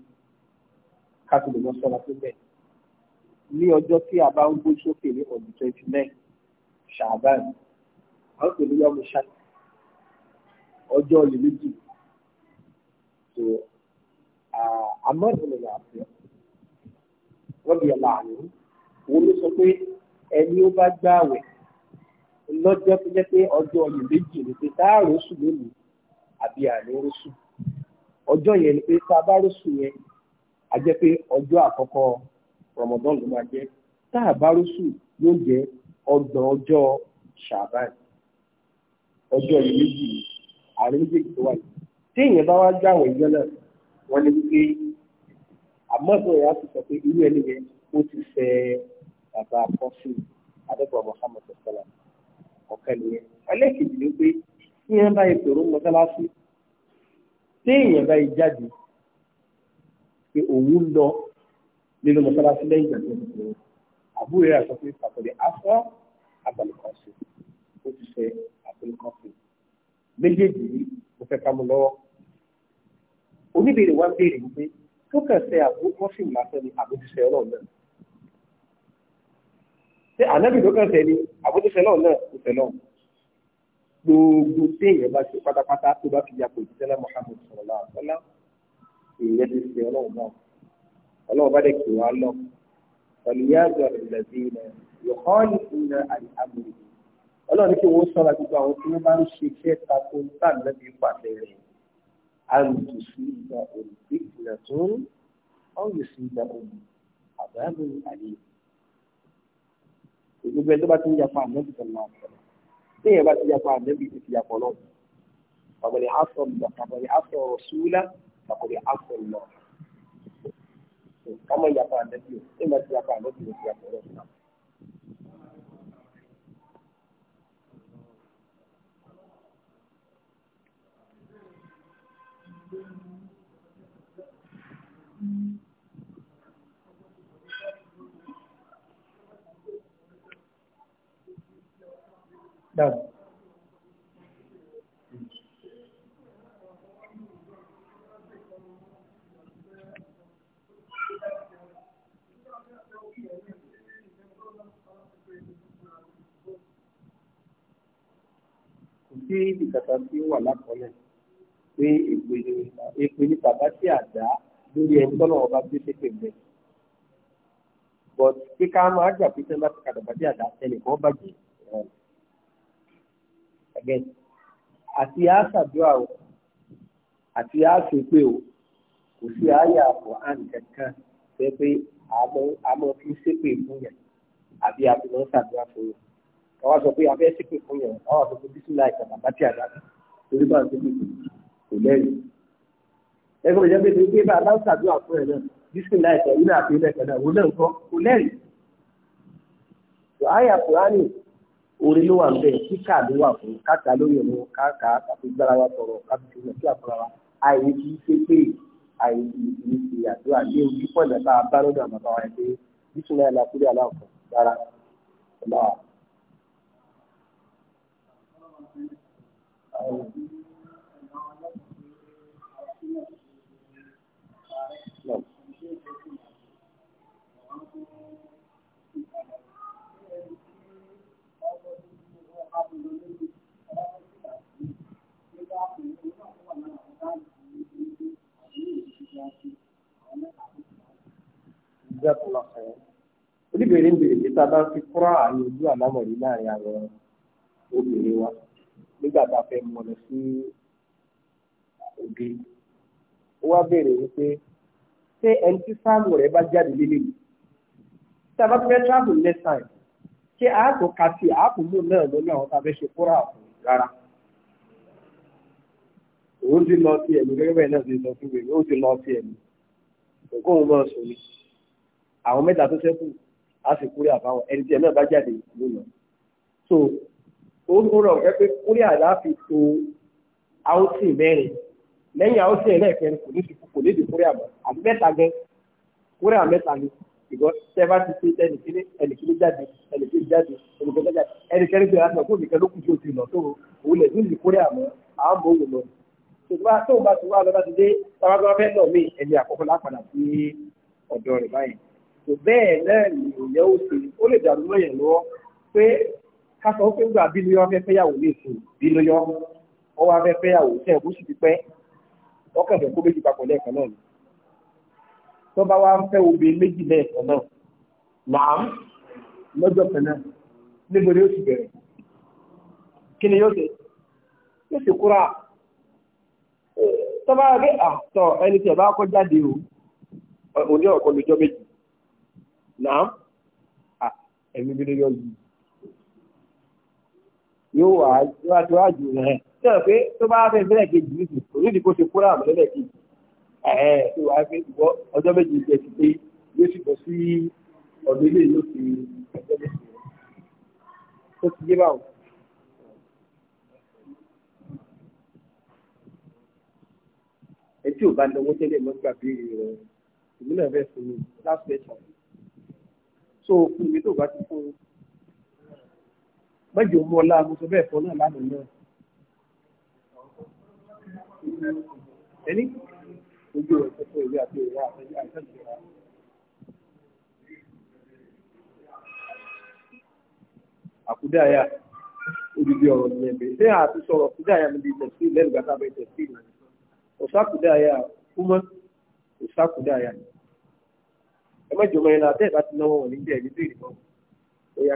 Speaker 1: ká tó lè lọ sọ́ra tó bẹ́ẹ̀ ní ọjọ́ tí a bá ń gbé sókè ní ọdún twenty nine ṣàbán a ń pè ní yọmú ṣá ọjọ́ lèlejì tó amọ́dúnrún àti rọ́bì ọ̀làánú wo ló sọ pé ẹni ó bá gbààwẹ̀ lọ́jọ́ tó jẹ́ pé ọjọ́ lèlejì ni pé tá a rò sùn lónìí àbí àní rò sùn ọjọ́ yẹn ni pé tá a bá rò sùn yẹn a jẹ́ pé ọjọ́ àkọ́kọ́ Ramadan ló máa jẹ́ tá a bá rúṣù yóò jẹ́ ọgbọ̀n ọjọ́ Ṣàbán ọjọ́ yìí méjì àárín méjèèjì tó wà yìí tí èèyàn bá wá gbà àwọn ìjọ náà wọ́n ní wípé àmọ́ ìfọwọ́ yẹn á ti sọ pé irú ẹni yẹn ó ti fẹ́ bàbá àkọ́sí adẹ́gbọ̀ Muhammad sọ́lá ọ̀kan nìyẹn ẹlẹ́kejì ni pé tí èèyàn bá yẹ pèrò mọ́sálásí tí èèyàn bá yẹ jáde pé òun lọ nínú mọ́sálásí lẹ́yìn ìgbà tí wọ́n ti pè é àbúrò rẹ̀ sọ pé pàtàkì afọ́ àgbàlùkọ́sì ó ti fẹ́ àgbàlùkọ́sì méjèèjì yìí mo fẹ́ ká mú lọ́wọ́ oníbèrè wa ń béèrè wípé tó kàn ṣe àgbàlùkọ́sì lásán ni àbójúṣe ọlọ́run náà ṣé ànábì tó kàn ṣe ni àbójúṣe ọlọ́run náà kò fẹ́ lọ́run gbogbo téèyàn bá ṣe pátápátá tó bá fi yàgò ìdílé Muhammad sallallahu alaihi wasallam èèyàn ti ṣe ọlọ́run náà ọlọ́run bá dẹ̀ kì wá lọ ọ̀lùyàgbọ̀ ìlẹ̀bí ilẹ̀ yòókọ́ọ̀lì ìlẹ̀ àmì ọlọ́run ní kí wọ́n sọ́ra gbogbo àwọn tí wọ́n bá ń ṣe iṣẹ́ tako táàlẹ́bí pàṣẹ rẹ̀ àrùtù sí ìgbà òrùbí ìlẹ̀ tó ń ọ̀rùn sí ìgbà òrùn àbáàbò àlè gbogbo ẹ tó bá ti ń yapa àmẹ́bí tó máa sọ̀rọ̀ tí èèyàn bá ti yapa àmẹ́bí tó ti yapa lọ́wọ́ àgbẹ̀rẹ̀ asọ̀ lọ àgbẹ̀rẹ̀ asọ̀ ọmọ ìyàpá àdẹ́bí o ìmọ̀ ti yàpá àdẹ́bí o ti yàpá ọ̀rọ̀ ìsìlámù. Done. sí ìkàtà tí ó wà lákọọ́lẹ̀ pé èpè ní bàbá tí àdá lórí ẹni tọ́lọ̀ ọba tí ó ṣe pè bẹ́ẹ̀. but kíkà máa gbà pé tẹ́lá ti kàdà bàbá tí àdá ẹnìkan bàjẹ́ again àti àṣàdúrà o àti àṣepé o kò sí àyà quran kankan pé pé àmọ́ fi ṣépè fún yẹn àbí àbí wọ́n ṣàdúrà fún yẹn àwọn sọ pé abẹ́ sípè fún yẹn àwọn sọ pé bísílà ìtàn bàbá tí a dá torí bá ń tó pèsè kò lẹ́yìn. ẹgbẹ́ ìjọba ètò ìgbé bá aláǹsà àdúrà fún ẹ̀ náà bísílà ìtàn ìlú àti ilẹ̀ kan náà wọ́n náà kọ́ kò lẹ́yìn. àyà kùránì orí ló wà níbẹ̀ kíkà ló wà fún káta lórí ẹ̀rọ káàkà káfí gbára wa sọ̀rọ̀ káfí fi lọ sí àfúrà wa àyè kì í ṣe pé àyè kì أو لا. Jazakallah khair. Oníbèrè ń bèrè pé tá a bá fi kúrò àyè ojú àlámọ̀rí láàrin àwọn obìnrin wa nígbà tá a fẹ́ mọ̀ lọ sí òde ó wá béèrè wípé ṣé ẹni tí sáàmù rẹ̀ bá jáde lélẹ̀ yìí tí a bá fẹ́ travel next time ṣé àákò kàtì àákò mú náà lórí àwọn tá a fẹ́ ṣe fúnra ọ̀hún rárá òun ti lọ sí ẹ̀mí gẹ́gẹ́ bẹ́ẹ̀ náà ti sọ fún mi ó ti lọ sí ẹ̀mí nǹkan òun náà sùn ni àwọn mẹ́ta tó ṣẹ́kù á sì kúrẹ́ àbáwọn ẹni tí ẹ̀ náà bá jáde ló so ó ń rọ̀ jẹ́ pé kórè àdá fi to áùtì mẹ́rin lẹ́yìn áùtì ẹlẹ́ẹ̀kẹrin kò ní ti kò ní di kórè àmọ́ àbí mẹ́ta gan kórè àmẹ́ta ni ìgbọ́ tẹ́fà ti ṣe ẹnìkíní ẹnìkíní jáde ẹnìkíní jáde ẹnìkíní jáde ẹnìkíní gbé aṣọ kó nìkan ló kù tí o ti lọ tó o lè ní kórè àmọ́ àwọn mò ń wò lọ. ṣùgbọ́n tó o bá ti wá lọ́dá ti dé tábàgbọ́n fẹ́ lọ mí ẹni àkọ́kọ́ lápadà sí ọ̀dọ́ rẹ̀ báyìí. kò bẹ́ẹ̀ náà ni òyìnbó ṣe ó lè dàrú mọ́yàn lọ́wọ́ pé kásán ó fẹ́ gbà bí lóyún afẹ́ fẹ́yàwó lè sùn bí lóyún ọwọ́ afẹ́ fẹ́yàwó tẹ̀ kó sì ti pẹ́ ọkàn fẹ́ kó méjì papọ̀ lẹ́ẹ̀kan náà ni tó bá wá ń fẹ́ obìnrin méjì lẹ́ẹ̀kan náà nàám lọ́jọ́ kan náà níbo ni ó ti bẹ̀rẹ̀ kí ni yóò ṣe yóò ṣe kúrà tó bá rí àtọ̀ ẹni tí ẹ̀ bá kọ́ jáde o òní ọ̀kọ́ lójọ́ méjì nàám ẹ̀mí bí lóyún yìí yóò wà yóò tó àjò rẹ̀ ṣe é pé tó bá fẹ́ fẹ́rẹ̀ kejì nìkú kò ní ìdíkó ṣe kúrò àmọ́ lẹ́lẹ̀ kejì ẹ̀ tó wà fẹ́ ìwọ ọjọ́ méjì ìjẹ ti pé yóò sì bọ́ sí ọ̀dọ̀ ilé yóò fi ọjọ́ méjì rẹ̀ tó ti yé báwọn. ẹ ò bá lọ́wọ́ tẹ́lẹ̀ lọ́gbà béèrè rẹ̀ ìmúlẹ̀ fẹ́ fún mi last question so fún mi tó bá ti fún mẹ́jọ mú ọlá amúṣọ bẹ́ẹ̀ fọ́ náà lánàá náà ẹni ojú rẹ̀ tó fún ìwé àti ìwé àtẹ́jẹ́ àìsàn àkúdáyà odidi ọ̀rọ̀ ní ẹ̀bẹ̀ ṣé àti sọ̀rọ̀ àkúdáyà níbi ìtẹ̀sí lẹ́nu gbàtà bẹ ìtẹ̀sí ìlànà ọ̀sákúdáyà kúmọ́ ọ̀sákúdáyà ẹ mẹ́jọ mẹ́rin náà àtẹ́ẹ̀ká ti náwó wọn níbi ẹ̀mí bèrè náà ó yá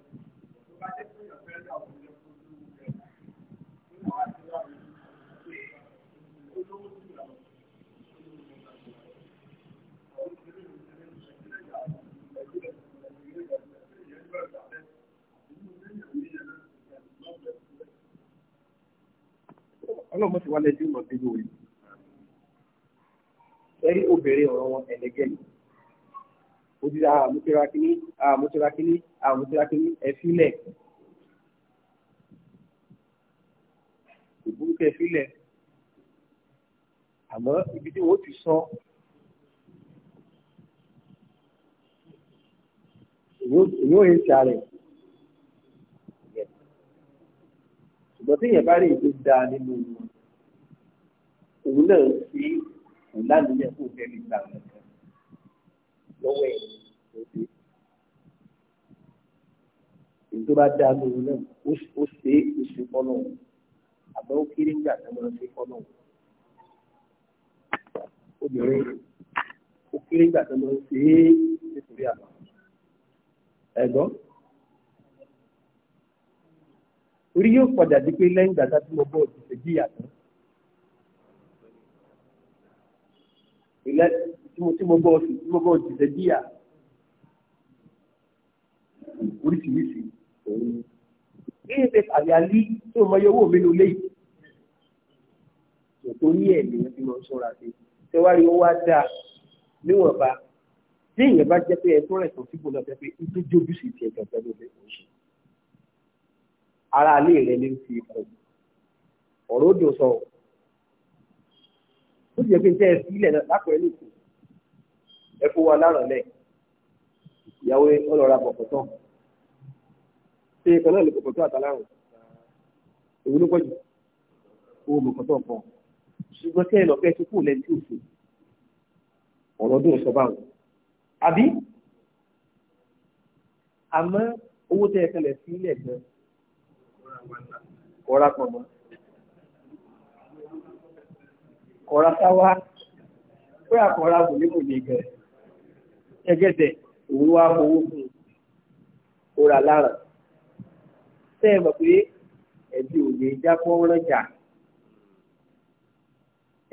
Speaker 1: ọlọ́run mọ̀tí wálé tí ó mọ̀ débi òye ẹ̀rí obìnrin ọ̀rọ̀ wọn ẹ̀lẹ́gẹ́ yìí ó ti ra àmútirakíní àmútirakíní àmútirakíní ẹ̀fílẹ̀ ìbúrúkẹ́ ẹ̀fílẹ̀ àmọ́ ibi tí wọ́n ti sọ ìwé òye ti àrẹ̀. ṣùgbọ́n tí èèyàn bá rí èyí tó dáa nínú wọn òun náà ṣe òun lánìyàn kó fẹ́ fi gbà wọn lọ́wọ́ ẹ̀ lọ́dẹ. èyí tó bá dáa nínú wọn náà ó ṣe é ṣe fọ́nà wọn àbẹ́ ó kéré nígbà tó máa ṣe fọ́nà wọn. obìnrin ó kéré nígbà tó máa ṣe é nítorí àbá ẹ̀gbọ́n torí yóò padà di pé lẹ́yìn ìgbà tí mo bọ̀ òtítọ́ jìyà tán. ilẹ̀ tí mo bọ̀ òtítọ́ jìyà oríṣiríṣi òun ni ẹ̀ẹ́dẹ̀ àyàlí tí o mọyọ owó mi ló lé yìí. nítorí ẹ̀ ni wọ́n ti máa ń sọ́ra sí i. tẹ́wárí owó á dáa níwọ̀nba tí èèyàn bá jẹ́ pé ẹ tó rẹ̀ tó síbò náà fẹ́ pé ìtújú ojúṣe tiẹ̀ gàgà fẹ́ kó ṣe ara ilé rẹ̀ ní fi kù ọ̀rọ̀ òdò sọ ó sì yẹ kí n tẹ́ ẹ sílẹ̀ lápẹ̀lú ìkù ẹ kó wa láràn lẹ̀ ìyàwó ọlọ́ra pọ̀pọ̀tọ̀ ṣé ìkan náà lè pọ̀pọ̀tọ̀ àtàlárùn èwo ló pọ̀jù owó pọ̀pọ̀tọ̀ kan ṣùgbọ́n tẹ́ ẹ lọ fẹ́ tó kù lẹ́ni tí ò sí ọ̀rọ̀ òdò sọ báwọn àbí àmọ́ owó tẹ́ ẹ kan lẹ̀ sílẹ̀ gan kọ́ra pọ̀nmọ́ kọ́ra sáwá pé àkọ́ra kò ní kò ní gẹ̀ ẹgẹ́dẹ̀ òun wá fowó fún un kóra lára tẹ́ ẹ mọ̀ pé ẹbí ò lè jápọ̀ rẹ́jà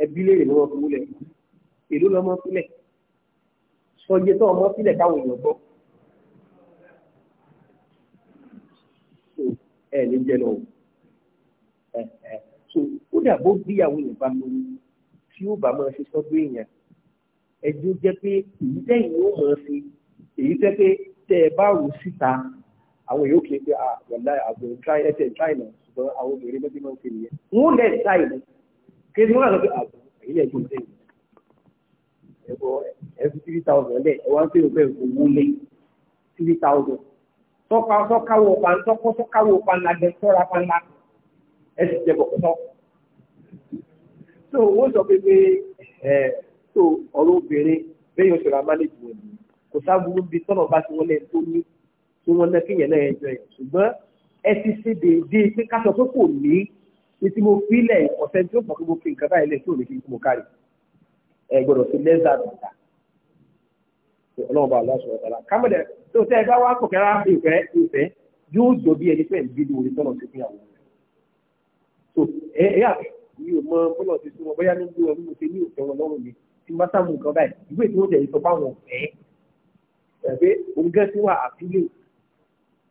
Speaker 1: ẹbí lè ní wọn fúnlẹ̀ èló lọ́mọ fúnlẹ̀ sọjẹ́ tó ọmọ fúnlẹ̀ káwọn èèyàn so kódà bó gbéyàwó yẹn bá lóyún tí ó bá máa ṣe sọ́dọ̀ èèyàn ẹjọ́ jẹ́ pé èyí tẹ́yìn ó máa ṣe èyí tẹ́ pé tẹ́ ẹ bá rò síta àwọn èèyàn kì í pé àwọ̀dá àgbẹ̀ try ẹ̀ try náà ṣùgbọ́n àwọn obìnrin ló bí máa ń ṣe nìyẹn wọ́n lẹ̀ táì ní kí ni wọ́n á lọ pé àgbẹ̀ èyí ẹ̀jọ̀ tẹ̀ ẹ̀bọ̀ ẹ̀fí three thousand lẹ̀ ẹ̀ wá ń pè ó bẹ́ẹ̀ owó lẹ̀ three thousand tọ́ka sọ́káwó pa ń tọ́kọ́ sọ́káwó pa ń jẹ sọ́ra pa ń ẹ sì jẹ bọ̀kọ̀tọ̀. tó wọ́n sọ pé pé ẹ̀ tó ọ̀rọ̀ obìnrin bẹ́ẹ̀ yóò ṣọ̀rọ̀ amálẹ̀jù wọn ni kò sábúrú bíi tọ́nà bá ti wọlé tó ní tí wọ́n ná kéèyàn náà ẹjọ́ yẹn ṣùgbọ́n ẹ ti ṣe déédéé pé ká sọ pé kò ní ní tí mo fílẹ̀ ọ̀sẹ̀ tí ó pọ̀ pé mo fi nǹkan báyìí lẹ̀ tí ò ní fi mo kárì ẹ gbọ́dọ̀ fi lẹ́sà dùnkà ọlọ́run bá aláṣọ ọ̀tàlá kámẹ́dẹ̀ tó tẹ́ ẹ bá wá kọ̀kẹ́rá ìfẹ́ ìfẹ́ yóò jọ bí ẹni pẹ́ ìgbéde orí tọ́nà tó fi àwọn so ẹ ẹ àti mi ò mọ bọ́lọ̀ ti sún wọn bóyá ní bí wọn ní mo ṣe ní òfin wọn lọ́rùn mi tí má sáà mú nǹkan báyìí ìwé tí wọ́n jẹ́ ìsọ bá wọn fẹ́ ẹ̀fẹ́ oúnjẹ tí wà àfílẹ̀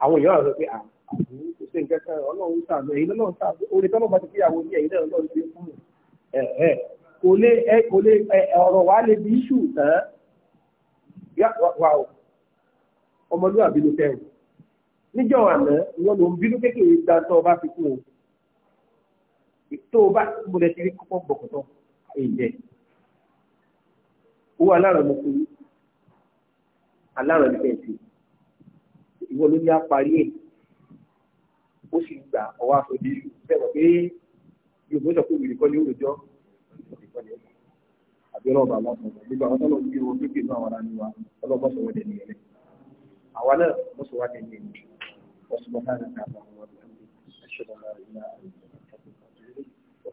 Speaker 1: àwọn èèyàn rẹ̀ pé àbúrò kò sí nǹkan kan ọlọ́run sàánú èyí lọ́lọ́run sàánú orí tọ́lọ́ bá ti fi àwọn oníyẹ̀yìn náà lọ́run ti fún ẹ̀ ọmọlúwàbí ló fẹ́ràn níjọ́ àná ìwọ́n ló ń bínú kékeré gbàtọ́ ọba fi kú o tó o bá gbọdọ̀ ti rí kọ́kọ́ gbọ̀kọ̀tọ̀ ẹ̀jẹ̀ owó aláàrọ̀ mo kú aláàrọ̀ nípa ẹ̀sìn ìwọ ló ní apárí ẹ̀ ó sì gbà ọwọ́ àfọ̀dé bẹ́ẹ̀ pé yorùbá sọ pé òbí nìkan ní òòjọ́ àbí ọlọ́ọ̀bà wọn sọ̀rọ̀ gbogbo àwọn tọ́lọ̀ bí wọn tó kéwàá wọn ní wa ọlọ́ọ̀bà sọ̀rọ̀ dẹ̀ nìyẹn àwa náà mọ̀ sọ̀rọ̀ dẹ̀ nìyẹn lẹ̀ wọ́n